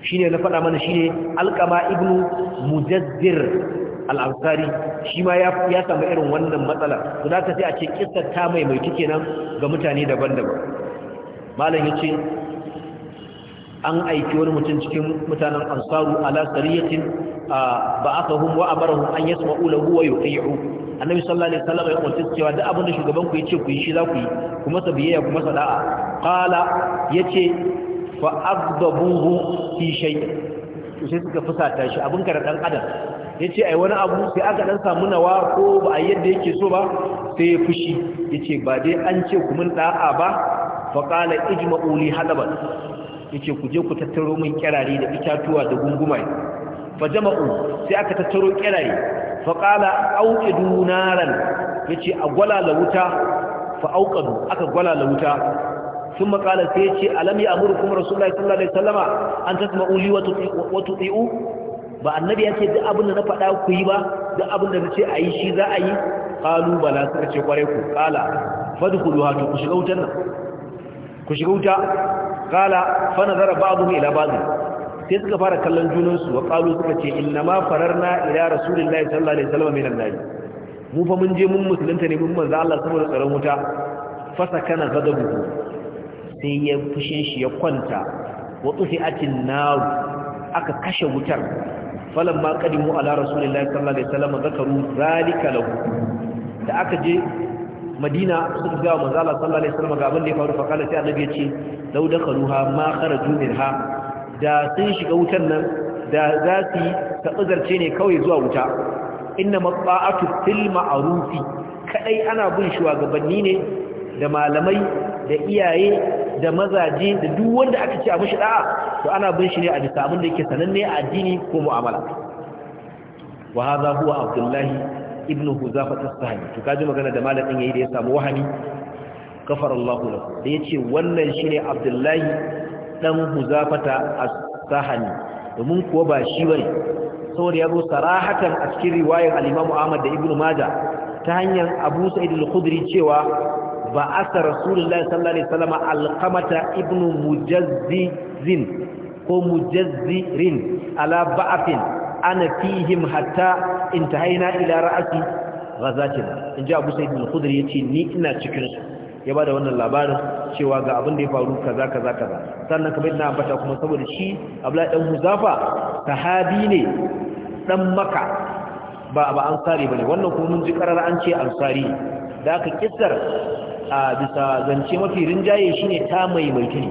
A: shine na faɗa mana shine Alqama ibnu Mujazzir al'amsari shi ma ya samu irin wannan matsala su za sai a ce kisa ta mai mai tuke nan ga mutane daban-daban malam ya ce an aiki wani mutum cikin mutanen ansaru ala sariyatin ba aka hun wa amarahun an yasma ula huwa yau ɗayu annabi sallallahu alaihi wasallam ya kuntu cewa da abin da shugaban ku ce ku yi shi za ku yi kuma sa biyayya kuma sada'a qala yace fa agdabuhu fi shay sai suka fusata shi abin ka da dan adam ya ce ai wani abu sai aka dan samu nawa ko ba a yadda yake so ba sai ya fushi ya ce ba dai an ce ku mun da'a ba Fa faƙala ijma'u li halaban ya ce ku je ku tattaro min kirare da itatuwa da gunguma fa jama'u sai aka tattaro kirare faƙala auqidu naran ya ce a gwalala wuta fa auqadu aka gwalala wuta sun makalar sai ce alami a amuru kuma rasulullahi sallallahu alaihi wasallama an tasma'u li wa tuti'u ba annabi ya ce duk abin da na faɗa ku yi ba duk abin da na ce a yi shi za a yi ƙalu bala suka ce kwarai ku ƙala fadu ku duha ku shiga wutar nan ku shiga wuta ƙala fana zara ba abu mai labarin sai suka fara kallon junansu wa ƙalu suka ce inna ma farar na ila rasulun layi sallallahu alaihi sallama mai nan layi mu fa mun je mun musulunta ne mun manza Allah saboda tsaron wuta fasa kana zaga buku sai ya fushin shi ya kwanta wa tsufi atin naru aka kashe wutar falamma qadimu ala rasulillahi sallallahu alaihi wasallam zakaru zalika lahu da aka je madina suka ga manzo Allah sallallahu alaihi wasallam ga abin da ya faru fa kala sai annabi ya ce law dakhaluha ma kharaju minha da sun shiga wutan nan da za su tabazarce ne kawai zuwa wuta inna ma'atu fil ma'rufi kadai ana bin shugabanni ne da malamai da iyaye da mazaje da duk wanda aka ce a mishi da'a to ana bin shi ne a bisa abin da yake sananne a addini ko mu'amala wa hadha huwa abdullahi Ibn huzafa as-sahabi to kaji magana da malamin yayi da ya samu wahani kafarallahu lahu da yace wannan shine abdullahi dan huzafata as-sahani domin kuwa ba shi bane saboda ya zo, sarahatan a cikin riwayar al-Imam Ahmad da Ibn Majah ta hanyar Abu Sa'id al-Khudri cewa ba asa rasulullahi sallallahu alaihi wasallam alqamata ibnu mujazzizin ko mujazzirin ala ba'afin ana fihim hatta intahaina ila ra'asi ghazatin inji abu sa'id al-khudri yace ni ina cikin su ya bada wannan labarin cewa ga abin da ya faru kaza kaza kaza sannan kamar ina ambata kuma saboda shi Abdullahi dan Huzafa sahabi ne dan Makka ba ba ansari bane wannan kuma mun ji karar an ce ansari da aka kissar a bisa zance mafi rinjaye ne ta mulki ne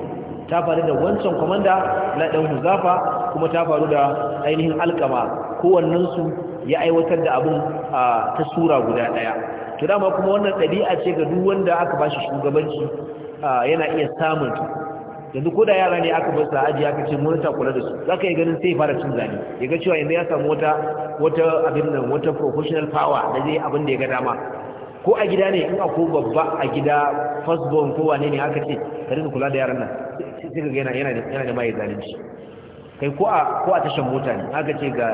A: ta faru da wancan kwamanda na ɗan huzafa kuma ta faru da ainihin alkama kowannensu ya aiwatar da abin ta sura guda ɗaya to dama kuma wannan ɗabi'a ce ga duk wanda aka ba shi shugabanci yana iya samun yanzu ko da yara ne aka bar su aji aka ce mun ta kula da su Za ka yi ganin sai fara cin zani ya ga cewa yanzu ya samu wata wata abin nan wata professional power da zai abin da ya ga dama ko a gida ne in akwai babba a gida firstborn ko wane ne aka ce ka rinka kula da yaran nan sai ka gina yana da mai zalunci kai ko a tashan mota ne aka ce ga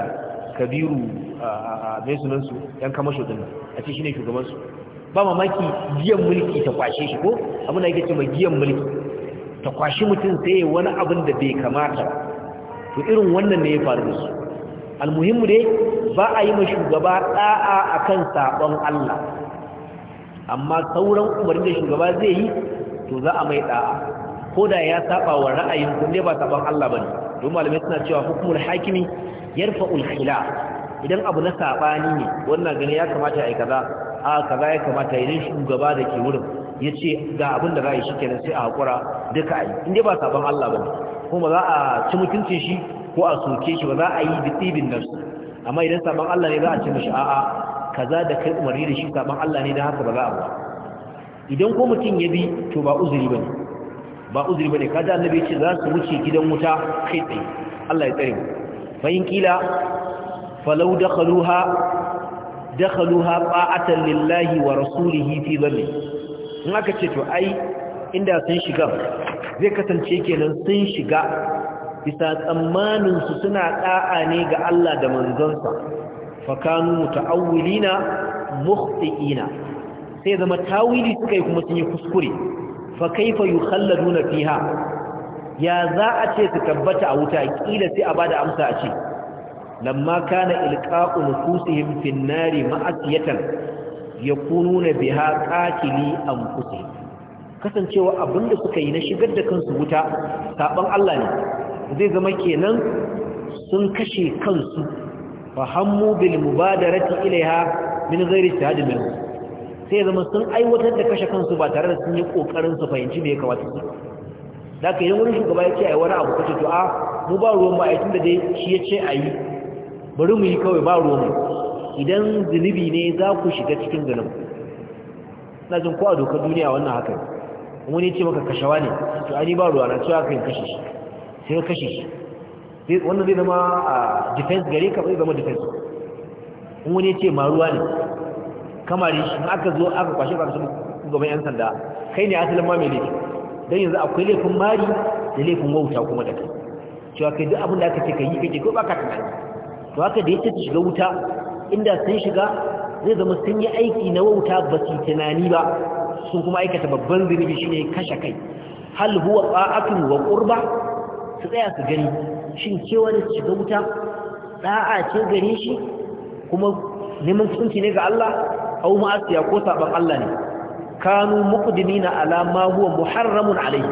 A: kabiru a mai sunan su yan kama shi nan a ce ne shugaban su ba mamaki giyan mulki ta kwashe shi ko abin da ya ce ma giyan mulki ta kwashe mutum sai wani abin da bai kamata to irin wannan ne ya faru da su almuhimmu dai ba a yi ma shugaba da'a akan sabon Allah amma sauran umarni da shugaba zai yi to za a mai da'a ko da ya saba wa ra'ayin kun ba saban Allah ne. don malamai suna cewa hukumul hakimi yarfa khilaf idan abu na sabani ne wannan gani ya kamata yi kaza a kaza ya kamata idan shugaba da ke wurin yace ga abin da za yi shikenan sai a hakura duka ai in dai ba saban Allah bane kuma za a ci mutuncin shi ko a soke shi ba za a yi bitibin nafsi amma idan saban Allah ne za a ci mishi a'a kaza da kai umarni da shi saban Allah ne da haka ba za a ba idan ko mutum ya bi to ba uzuri ne. ba uzuri ne. kaza annabi ce za su wuce gidan wuta kai tsaye Allah ya tsare mu bayin kila falau dakhaluha dakhaluha qa'atan lillahi wa rasulihi fi dhanni in aka ce to ai inda sun shiga zai kasance kenan sun shiga bisa tsammanin su suna da'a ne ga Allah da manzonsa fakanu muta'awwilina mukhti'ina sai zama tawili suka yi kuma sun yi kuskure fa kaifa yukhalladuna fiha ya za a ce su tabbata a wuta kila sai a bada amsa a ce lamma kana ilqa'u nufusihim fin nari ma'asiyatan yakununa biha qatili anfusihim kasancewa abinda suka yi na shigar da kansu wuta saban Allah ne zai zama kenan sun kashe kansu fahammu bil mubadarati ilaiha min ghairi istihadin minhu sai zama sun aiwatar da kashe kansu ba tare da sun yi kokarin su fahimci me ya kamata su da ka yi wani shugaba ya ce a yi wani abu kace to a mu ba ruwan ba a tun da dai shi ya ce a yi bari mu yi kawai ba ruwan idan zunubi ne za ku shiga cikin zunubi na jin ko a dokar duniya wannan haka wani ce maka kashewa ne to ani ba ruwa na cewa ka kashe shi sai ka kashe shi wannan zai zama a defense gare ka zai zama defense in wani ce maruwa ne kamar shi in aka zo aka kwashe ba kashin gaban yan sanda kai ne asalin ma mai laifi don yanzu akwai laifin mari da laifin wauta kuma da kai cewa kai duk abin da aka ce ka yi kake ko ba ka tunani to haka da ya ce shiga wuta inda sun shiga zai zama sun yi aiki na wauta ba su tunani ba sun kuma aikata babban zunubi shine kashe kai hal huwa qa'atun wa qurba su tsaya su gani shin cewa da shiga wuta da'a ce gare shi kuma neman kusanci ne ga Allah au ma'asiya ko saban Allah ne kanu muqdimina ala ma huwa muharramun alai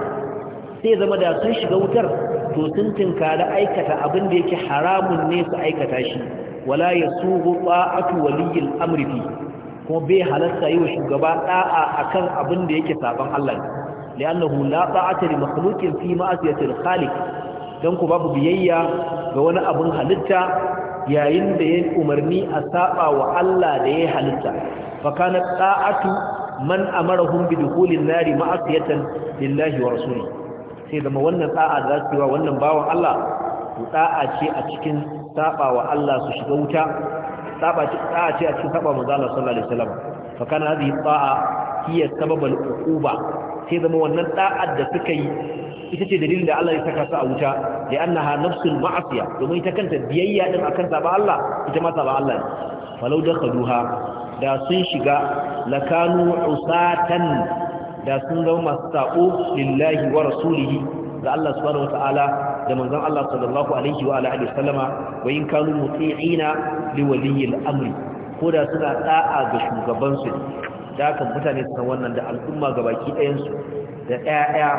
A: sai zama da sun shiga wutar to sun tinkari aikata abin da yake haramun ne su aikata shi wala yasughu ta'atu waliyil amri fi kuma bai halarta yi wa shugaba da'a akan abin da yake saban Allah ne li'annahu la ta'ata li makhluqin fi khaliq don ku babu biyayya ga wani abin halitta yayin da ya umarni a saba wa Allah da ya halitta fa kana ta'atu man amarahum bi dukhulin nari ma'asiyatan lillahi wa rasuli sai zama wannan tsa'a za su yi wa wannan bawan Allah to tsa'a ce a cikin saba wa Allah su shiga wuta tsa'a ce a cikin saba manzo Allah sallallahu alaihi wasallam fa kana hadhihi ta'a hiya sababul ukuba. sai zama wannan da'ar da suka yi ita ce dalilin da Allah ya saka su a wuta da ha nafsul ma'asiya domin ita kanta biyayya din akan saba Allah ita ma saba Allah falau dakhaluha da sun shiga lakanu usatan da sun zama masu sako lillahi wa rasulihi ga Allah subhanahu wata'ala da manzon Allah sallallahu alaihi wa alihi wasallama wa in kanu muti'ina li waliyil amri ko da suna da'a ga shugabansu da aka mutane su san wannan da al'umma ga baki ɗayansu da ƴaƴa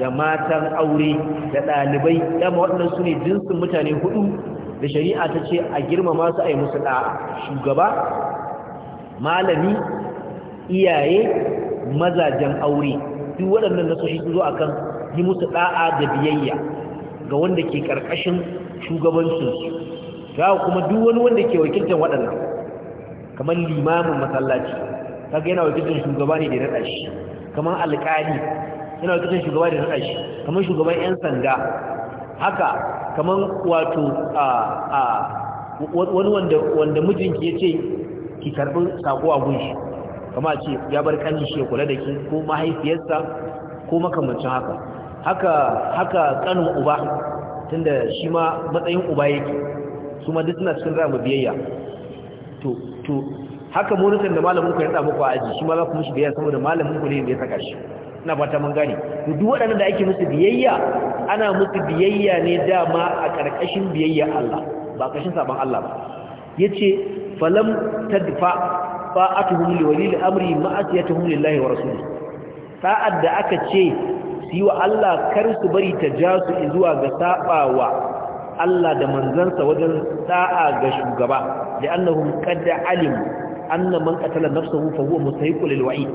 A: da matan aure da ɗalibai dama waɗannan su ne jinsin mutane hudu da shari'a ta ce a girmama su a yi musu ɗa'a shugaba malami iyaye mazajen aure duk waɗannan na sashi su zo a kan yi musu ɗa'a da biyayya ga wanda ke ƙarƙashin shugabansu ga kuma duk wani wanda ke wakiltar waɗannan kamar limamin masallaci kaga yana wakiltar shugaba ne da ya naɗa shi kamar alƙali yana wakiltar shugaba da ya naɗa shi kamar shugaban 'yan sanda haka kamar wato a a wani wanda wanda mijinki ya ce ki karɓi sako a gunshi kama ce ya bar ƙanin shi ya kula da ki ko mahaifiyarsa ko makamancin haka haka haka kanin uba tunda shi ma matsayin uba yake su ma duk suna cikin rama biyayya to to haka monitorin da malamin ku ya sa muku a aji shi ma za ku mishi biyayya saboda malamin ku ne da ya saka shi ina fata mun gane to duk waɗannan da ake musu biyayya ana musu biyayya ne dama a ƙarƙashin biyayya Allah ba ƙarƙashin saban Allah ba yace falam tadfa fa'atuhum liwali al-amri ma'asiyatuhum lillahi wa rasulihi sa'ad da aka ce su yi wa Allah kar su bari ta ja su zuwa ga sabawa Allah da manzansa wajen sa'a ga shugaba da annahum qad alim anna man qatala nafsahu fa huwa mustahiqu lil wa'id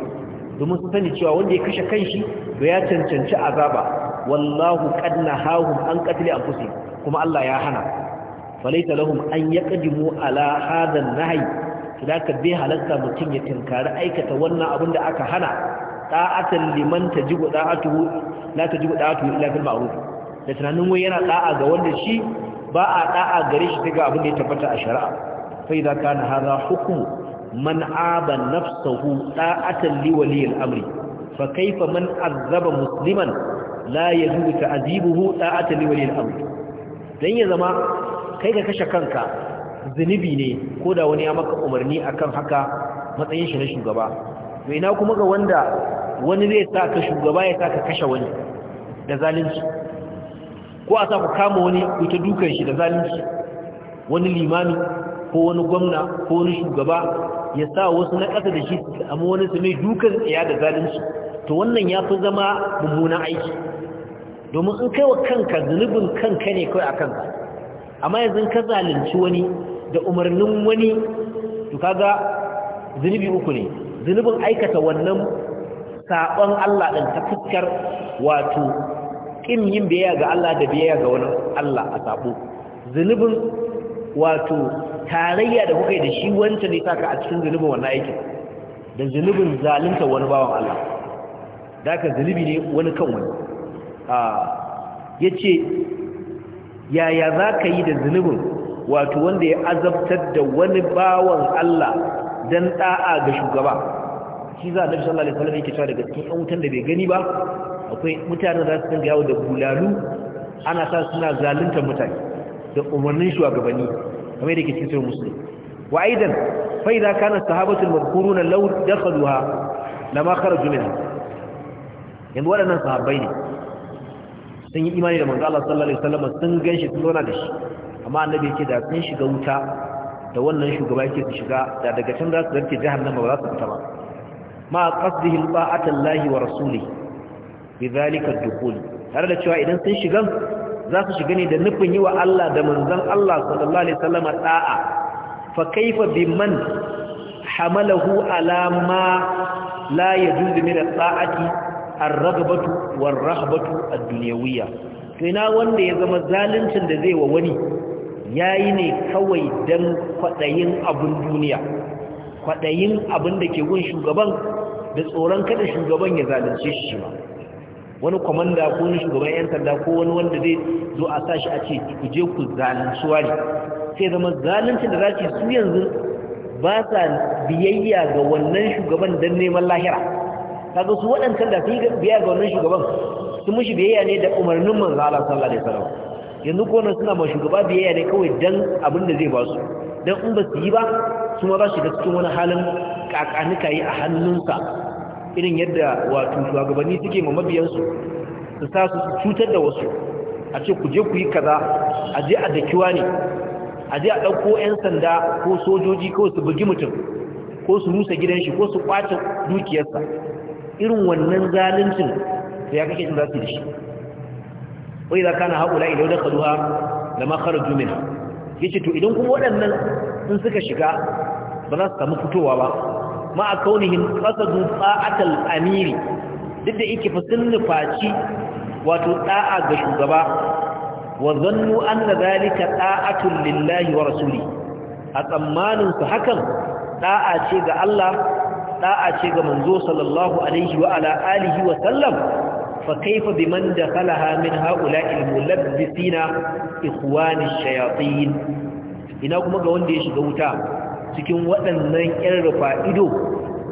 A: domin sani cewa wanda ya kashe kanshi da ya cancanci azaba wallahu qad nahahum an qatli anfusihim kuma Allah ya hana falaita lahum an yaqdimu ala hadha an-nahy kidaka bai halatta mutum ya tinkari aikata wannan abin da aka hana da'atan liman tajibu da'atuhu la tajibu da'atuhu illa bil ma'ruf da tunanin wai yana da'a ga wanda shi ba a da'a gare shi daga abin da ya tabbata a shari'a fa idza kana hadha hukmu man aba nafsahu da'atan li wali al-amri fa kayfa man azzaba musliman la yajuzu ta'zibuhu da'atan li wali al-amri dan ya zama kai ka kashe kanka zunubi ne ko da wani ya maka umarni akan haka matsayin shi na shugaba to ina kuma ga wanda wani zai sa ka shugaba ya sa ka kashe wani da zalunci ko a sa ku kama wani ku ta dukan shi da zalunci wani limami ko wani gwamna ko wani shugaba ya sa wasu na ƙasa da shi su samu wani su mai dukan tsaya da zalunci to wannan ya fi zama mummunan aiki domin in kai wa kanka zunubin kanka ne kawai a kanka amma yanzu ka zalunci wani da umarnin wani to kaga zunubi uku ne zunubin aikata wannan saɓon Allah ɗin ta fuskar wato ƙin yin biyayya ga Allah da biyayya ga wani Allah a saɓo zunubin wato tarayya da kuka yi da shi wancan ne saka a cikin zunubin wannan aikin da zunubin zalunta wani bawan Allah da haka zunubi ne wani kan wani ya ce yaya za ka yi da zunubin wato wanda ya azabtar da wani bawan Allah don ɗa'a ga shugaba shi za a nabi sallallahu alaihi wasallam yake cewa daga cikin ɗan wutan da bai gani ba akwai mutane za su dinga yawo da bulalu ana sa suna zalunta mutane da umarnin shugabanni kamar yadda ke cikin sahih muslim wa aidan fa idza kana sahabatul madhkuruna law dakhaluha lama kharaju minha yanzu waɗannan sahabbai ne sun yi imani da manzo Allah sallallahu alaihi wasallam sun ganshi sun zauna da shi amma annabi yake da sun shiga wuta da wannan shugaba yake su shiga da daga can za su zarce jahannama ba za su fita ba ma qasdihi ta'atallahi wa rasulihi bi zalika ad-dukhul tare da cewa idan sun shigan za su shiga ne da nufin yi wa Allah da manzon Allah sallallahu alaihi wasallam da'a fa kaifa biman hamalahu ala ma la yajuzu min da taati ar-raghbatu war-rahbatu a dunyawiyya to wanda ya zama zaluncin da zai wa wani yayi ne kawai dan kwaɗayin abun duniya kwaɗayin abin da ke gun shugaban da tsoron kada shugaban ya zalunce shi wani kwamanda ko wani shugaban 'yan sanda ko wani wanda zai zo a sashi a ce ku je ku zalunci wani sai zama zalunci da za su su yanzu ba sa biyayya ga wannan shugaban don neman lahira kaga su waɗancan da su yi biyayya ga wannan shugaban su mushi biyayya ne da umarnin manzo Allah sallallahu alaihi wasallam yanzu ko nan suna ma shugaba biyayya ne kawai dan abin da zai ba su dan in ba su yi ba su ma za su ga cikin wani halin kakanuka yi a hannunsa irin yadda wato shugabanni suke ma mabiyansu su sa su cutar da wasu a ce ku je ku yi kaza a je a dakiwa ne a je a ɗauko 'yan sanda ko sojoji ko su bugi mutum ko su rusa gidan shi ko su kwace dukiyarsa irin wannan zaluncin da ya kake jin za su da shi wai za kana haƙula idan da kaduwa da makarar jumina ya ce to idan kuma waɗannan sun suka shiga ba za su samu fitowa ba ma'a kaunihim qasadu ta'atal amiri duk da yake fasin nufaci wato ɗa'a ga shugaba wa zannu anna zalika da'atun lillahi wa rasuli a tsammaninsu hakan da'a ce ga Allah da'a ce ga manzo sallallahu alaihi wa ala alihi wa sallam fa kaifa biman dakhalaha min ha'ula'il mulabbisina ikhwani shayatin ina kuma ga wanda ya shiga wuta cikin waɗannan ƴan rufa ido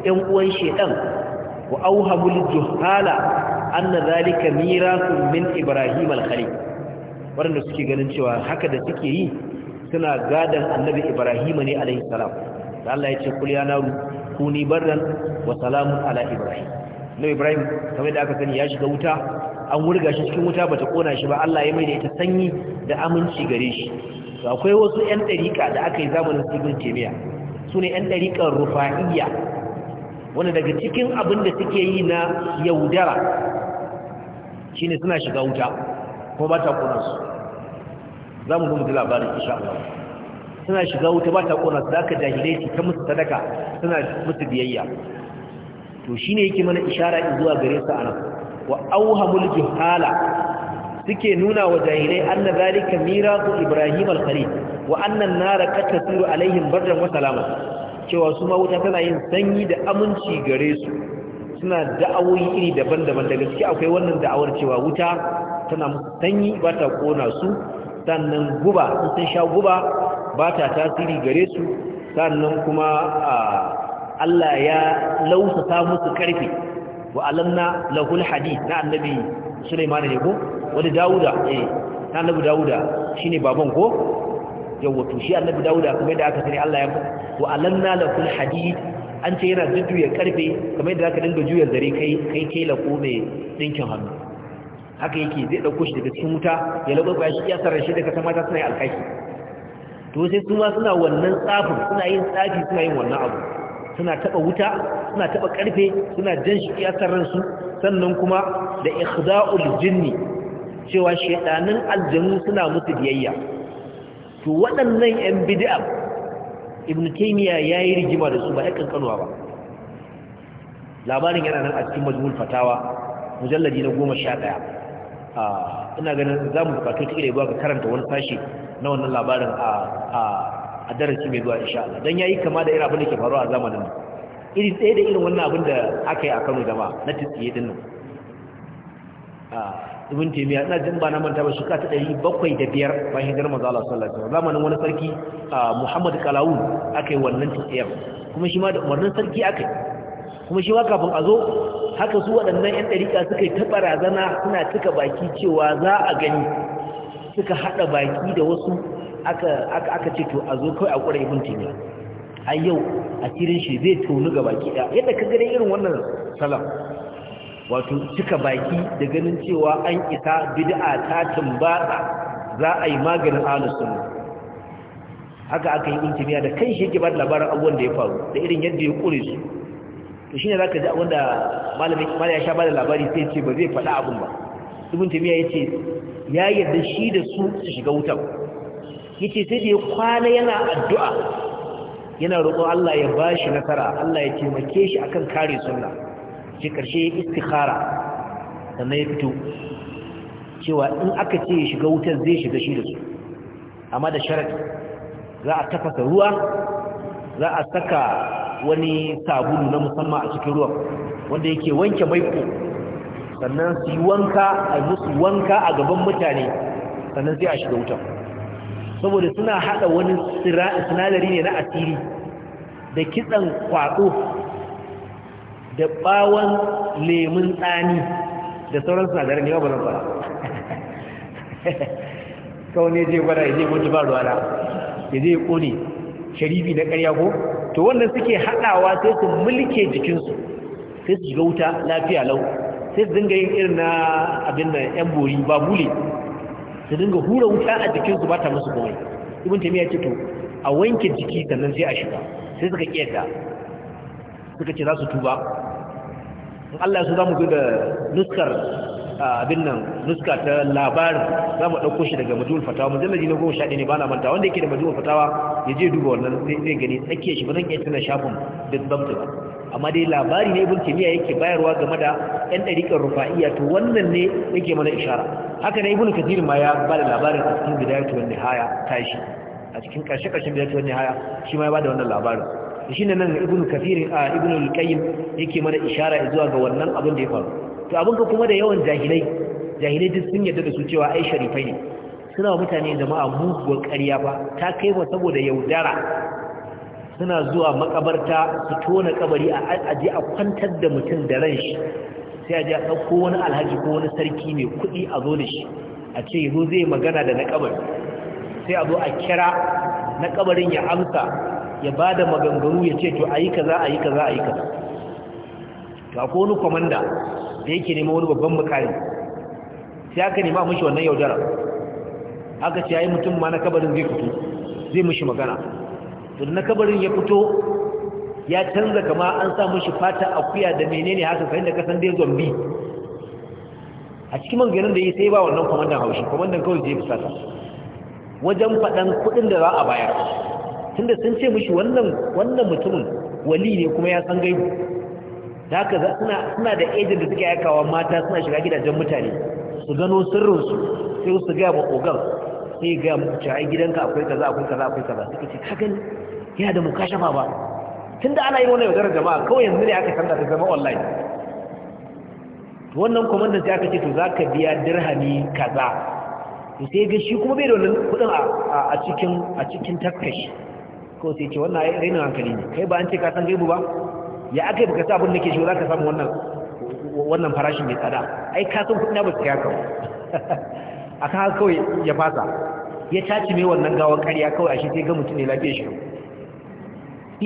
A: ƴan uwan shedan wa auhamul juhala anna zalika mirasun min ibrahim al-khalil waɗanda suke ganin cewa haka da suke yi suna gadan annabi ibrahim ne alayhi salam da Allah ya ce kul ya naru kuni barran wa salamun ala ibrahim na ibrahim kamar da aka sani ya shiga wuta an wurga shi cikin wuta bata kona shi ba Allah ya mai da ita sanyi da aminci gare shi akwai wasu ƴan ɗariƙa da aka yi zamanin sibin kimiyya su ne ‘yan ɗariƙar rufa'iyya wanda daga cikin abin da suke yi na yaudara shi ne suna shiga wuta ko ba ta ƙunansu za mu zama labarin isha Allah suna shiga wuta ba ta ƙunansu da aka jahilai su ta musu sadaka suna musu biyayya to shi ne yake mana ishara in zuwa gare su a nan wa auha mulki hala suke nuna wa jahilai anna zalika miratu ibrahim al-khalil Wa'annan na nara katasiru alaihim bardan wa salama cewa su wuta tana yin sanyi da aminci gare su suna da'awoyi iri daban-daban da gaske akwai wannan da'awar cewa wuta tana sanyi ba ta kona su sannan guba sun sha guba ba ta tasiri gare su sannan kuma Allah ya lausata musu karfe wa alanna lahul hadith na annabi Sulaiman ne ko wani Dawuda eh na annabi Dawuda shine baban ko yawa tushe shi annabi dauda kuma da aka sani Allah ya wa alanna lakul hadid an ce yana jujjuya karfe kuma yadda zaka dinga juyar zare kai kai kai lako mai dinkin hannu haka yake zai dauko shi daga cikin wuta ya labo ba shi ya sarar shi daga ta mata suna alkaki to sai su ma suna wannan tsafin suna yin tsafi suna yin wannan abu suna taba wuta suna taba karfe suna jan shi ya sarar su sannan kuma da ikhda'ul jinni cewa shedanin aljanu suna mutu biyayya to waɗannan 'yan bidi'a ibn ya yi rigima da su ba yan kankanuwa ba labarin yana nan a cikin majmul fatawa mujalladi na ɗaya a ina ganin za mu bukatu ta da ga karanta wani sashi na wannan labarin a darasi mai zuwa insha Allah dan yi kama da irin abin da ke faruwa a zamanin nan iri tsaye da irin wannan abin da aka yi a Kano jama'a na tsiye din nan ibn taymiya ina jin ba na manta ba ka ta 705 bayan hijirar manzo Allah sallallahu alaihi wasallam zamanin wani sarki Muhammad Kalawun akai wannan tsiyar kuma shi ma da umarnin sarki akai kuma shi ma kafin a zo haka su waɗannan ƴan ɗariƙa suka yi ta barazana suna cika baki cewa za a gani suka haɗa baki da wasu aka ce to a zo kawai a ƙura ibn taymiya a yau asirin shi zai tonu ga baki ɗaya yadda ka gani irin wannan salam wato cika baki da ganin cewa an isa bid'a ta tumbata za a yi maganin alusun haka aka yi intimiya da kan shi yake ba labarin abubuwan da ya faru da irin yadda ya kure su to shine zaka ji wanda malamin malaya sha ba da labari sai ce ba zai faɗa abun ba ibn timiya yace ya yarda shi da su su shiga wutar yace sai da ya kwana yana addu'a yana roƙon Allah ya bashi nasara Allah ya taimake shi akan kare sunna shi karshe ya istikhara sannan ya fito cewa in aka ce ya shiga wutar zai shiga shi da su amma da sharadi za a tafasa ruwa za a saka wani sabulu na musamman a cikin ruwan wanda yake wanke maiko sannan su yi wanka a musu wanka a gaban mutane sannan sai a shiga wutar saboda suna hada wani sinadari ne na asiri da kitsan kwaɗo da bawon lemun tsani da sauran sinadaran yawa ba zan fara kawai ne zai gwada ya zai mutu ba ruwa ya zai kone sharifi na karya ko to wannan suke haɗawa sai su mulke jikinsu sai su shiga wuta lafiya lau sai su dinga yin irin na abin da yan bori ba bule su dinga hura wuta a jikinsu ba ta musu komai ibn tamiya ce to a wanke jiki sannan sai a shiga sai suka kiyata suka ce za su tuba in Allah su za mu zo da nuskar abin nan nuska ta labarin za mu ɗauko shi daga majul fatawa mujallaji na goma sha ɗaya ne ba na manta wanda yake da majul fatawa ya je duba wannan zai gani tsakiyar shi ba zan iya tuna shafin da zamta ba amma dai labari ne ibn timiya yake bayarwa game da ɗan ɗariƙar rufa'iyya to wannan ne yake mana ishara haka ne ibn kadir ma ya ba da labarin a cikin bidayatu haya ta tashi a cikin ƙarshe ƙarshen bidayatu wan haya shi ma ya ba da wannan labarin shi ne nan ibn kafir a ibn al-qayyim yake mana ishara zuwa ga wannan abin da ya faru to abin ka kuma da yawan jahilai jahilai duk sun yarda da su cewa ai sharifai ne suna wa mutane jama'a muguwar ƙarya ba ta kai wa saboda yaudara suna zuwa makabarta su tona kabari a aje a kwantar da mutum da ran shi sai a a wani alhaji ko wani sarki mai kuɗi a zo da shi a ce zo zai magana da na kabari sai a zo a kira na kabarin ya amsa ya ba da maganganu ya ce to a yi kaza a yi kaza a yi kaza to akwai wani kwamanda da yake nema wani babban mukari sai aka nema mushi wannan yaudara aka ce ayi mutum ma na kabarin zai fito zai mushi magana to na kabarin ya fito ya canza kama an sa mushi fata akuya da menene haka sai da kasan dai zombi a cikin manganin da yi sai ba wannan kwamandan haushi kwamandan kawai zai fusata wajen faɗan kuɗin da za a bayar tunda sun ce mishi wannan wannan mutumin wali ne kuma ya san gaibu da haka suna suna da ejin da suke aikawa mata suna shiga gidajen mutane su gano sirrin su sai su ga ba ogan sai ga mu cewa gidanka akwai kaza akwai kaza akwai kaza suka ce ka gani yana da mukashafa ba tunda ana yi wannan yaudarar jama'a kawai yanzu ne aka canza ta zama online wannan kwamandan sai aka ce to za ka biya dirhami kaza to sai ga shi kuma bai da wannan kudin a cikin taskashi ko sai ce wannan ai rainin hankali ne kai ba an ce ka san gaibu ba ya akai baka sa abin da ke shi za ka samu wannan wannan farashin mai tsada ai ka san kuɗi na ba su kai kawai akan haka kawai ya fasa ya caci mai wannan gawan ƙarya kawai a shi sai ga mutum ne lafiya shi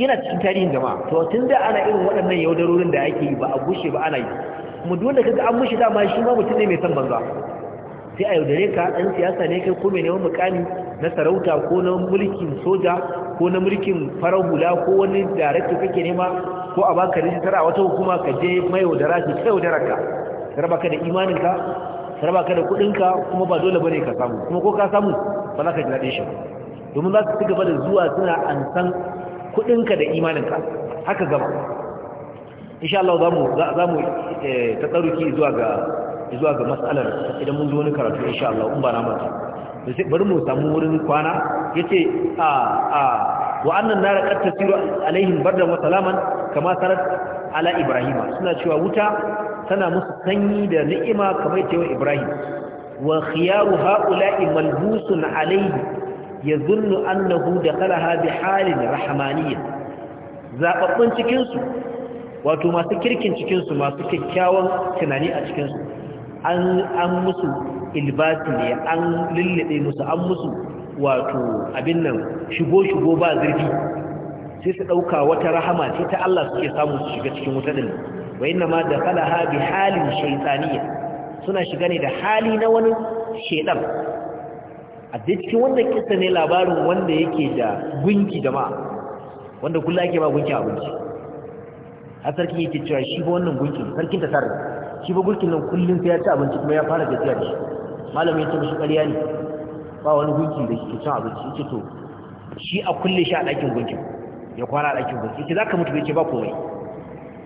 A: yana cikin tarihin jama'a to tun da ana irin waɗannan yaudarorin da ake yi ba a gushe ba ana yi mu dole kaga an mushi dama shi ma mutum ne mai san banza sai a yaudare ka ɗan siyasa ne kai ko mai neman mukami na sarauta ko na mulkin soja ko na mulkin farar hula ko wani darakta kake nema ko a baka rijistar a wata hukuma ka je mai yaudara ki kai yaudara ka saraba ka da imaninka saraba ka da kuɗinka kuma ba dole bane ka samu kuma ko ka samu ba za ka ji daɗe shi domin za su ci gaba da zuwa suna ansan kuɗinka da imaninka haka gaba insha Allah za mu za mu eh, ta tsaruki zuwa ga zuwa ga matsalar idan mun zo wani karatu insha Allah in ba na mata bari mu samu wurin kwana yace a a wa annan nar qad tasiru alaihim Masalaman, wa salaman kama sarat ala ibrahima suna cewa wuta tana musu sanyi da ni'ima kamar cewa ibrahim wa khiyaru haula'i malbusun alaihi yazunnu annahu dakhalaha bi halin rahmaniyya zababbun cikin su wato masu kirkin cikinsu masu kyakkyawan tunani a cikinsu an musu ilbati ne an lullube musu an musu wato abin nan shigo-shigo ba zurfi sai su ɗauka wata rahama sai ta Allah suke samu su shiga cikin wuta din wa inna ma da falaha bi halin shaitaniya suna shiga ne da hali na wani shaidan a cikin wannan kisa ne labarin wanda yake da gunki jama'a wanda kullum ake ba gunki abinci a sarki yake cewa shi ba wannan gunki sarkin ta sarrafa shi ba gurkin nan kullum sai ya ci abinci kuma ya fara tafiya da shi malamin ya ce mishi ƙarya ne ba wani gulki da ke cin abinci ya ce to shi a kulle shi a ɗakin gunkin ya kwana a ɗakin gulki ya ce za ka mutu ce ba komai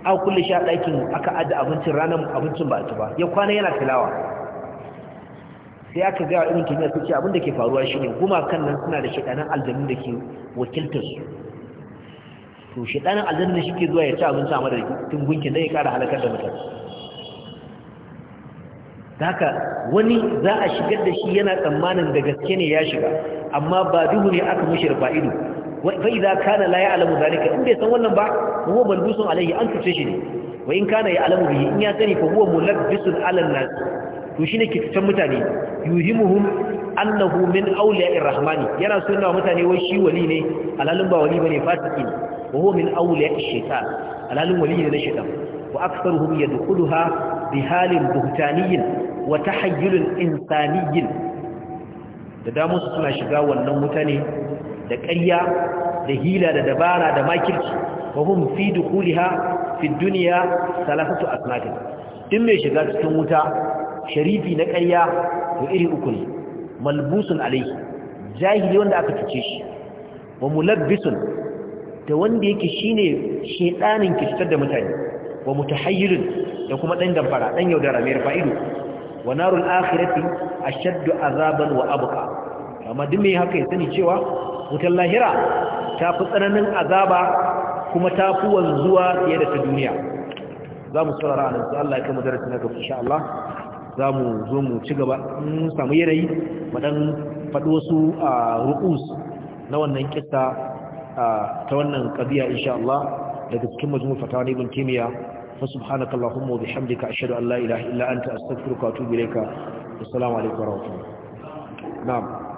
A: a kulle shi a ɗakin aka adda abincin ranar abincin ba a ci ba ya kwana yana filawa sai aka gaya irin kimiyya su ce abinda ke faruwa shi ne gumakan nan suna da shaɗanan aljanun da ke wakiltar su to shaɗanan aljanun da shi ke zuwa ya ci abinci a madadin gunkin don ya ƙara halakar da mutane haka wani za a shigar da shi yana tsammanin da gaske ne ya shiga amma ba duhu ne aka mushi rufa ido fa idza kana la ya'lamu zalika in bai san wannan ba kuma ban malbusun alaihi an tuce shi ne wa in kana alamu bihi in ya sani fa huwa mulabbisun ala nas to shi ne ke tutan mutane yuhimuhum annahu min awliya'ir rahmani yana sunna mutane wai shi wali ne alalun ba wali bane fasiki ne wa huwa min awliya'ish shaitan alalun wali ne na shaitan wa aktharuhum yadkhuluha bi halin buhtaniyin Wata tahayyulin insaniyin da damu su suna shiga wannan wuta ne da ƙarya da hila da dabara da makirci wa hum fi dukuliha fi duniya salasatu asmatin. din mai shiga cikin wuta sharifi na ƙarya to iri uku ne malbusun alai jahili wanda aka fice shi wa mulabbisun da wanda yake shine shaɗanin kishitar da mutane wa mutahayyirun da kuma ɗan damfara ɗan yaudara mai rufa ido wa narul akhirati ashaddu azaban wa abqa amma duk mai haka ya sani cewa wutar lahira ta fi tsananin azaba kuma ta fi wanzuwa fiye da ta duniya za mu saurara a nan Allah ya kama darasi na gaba insha Allah za mu zo mu ci gaba in samu yanayi mu dan faɗi wasu ru'us na wannan kissa ta wannan kabiya insha Allah daga cikin majmu'ul fatawa ibn Taymiyyah fa subhanaka allahumma wa bihamdika ashhadu an la ilaha illa anta astaghfiruka wa atubu ilayka assalamu alaikum wa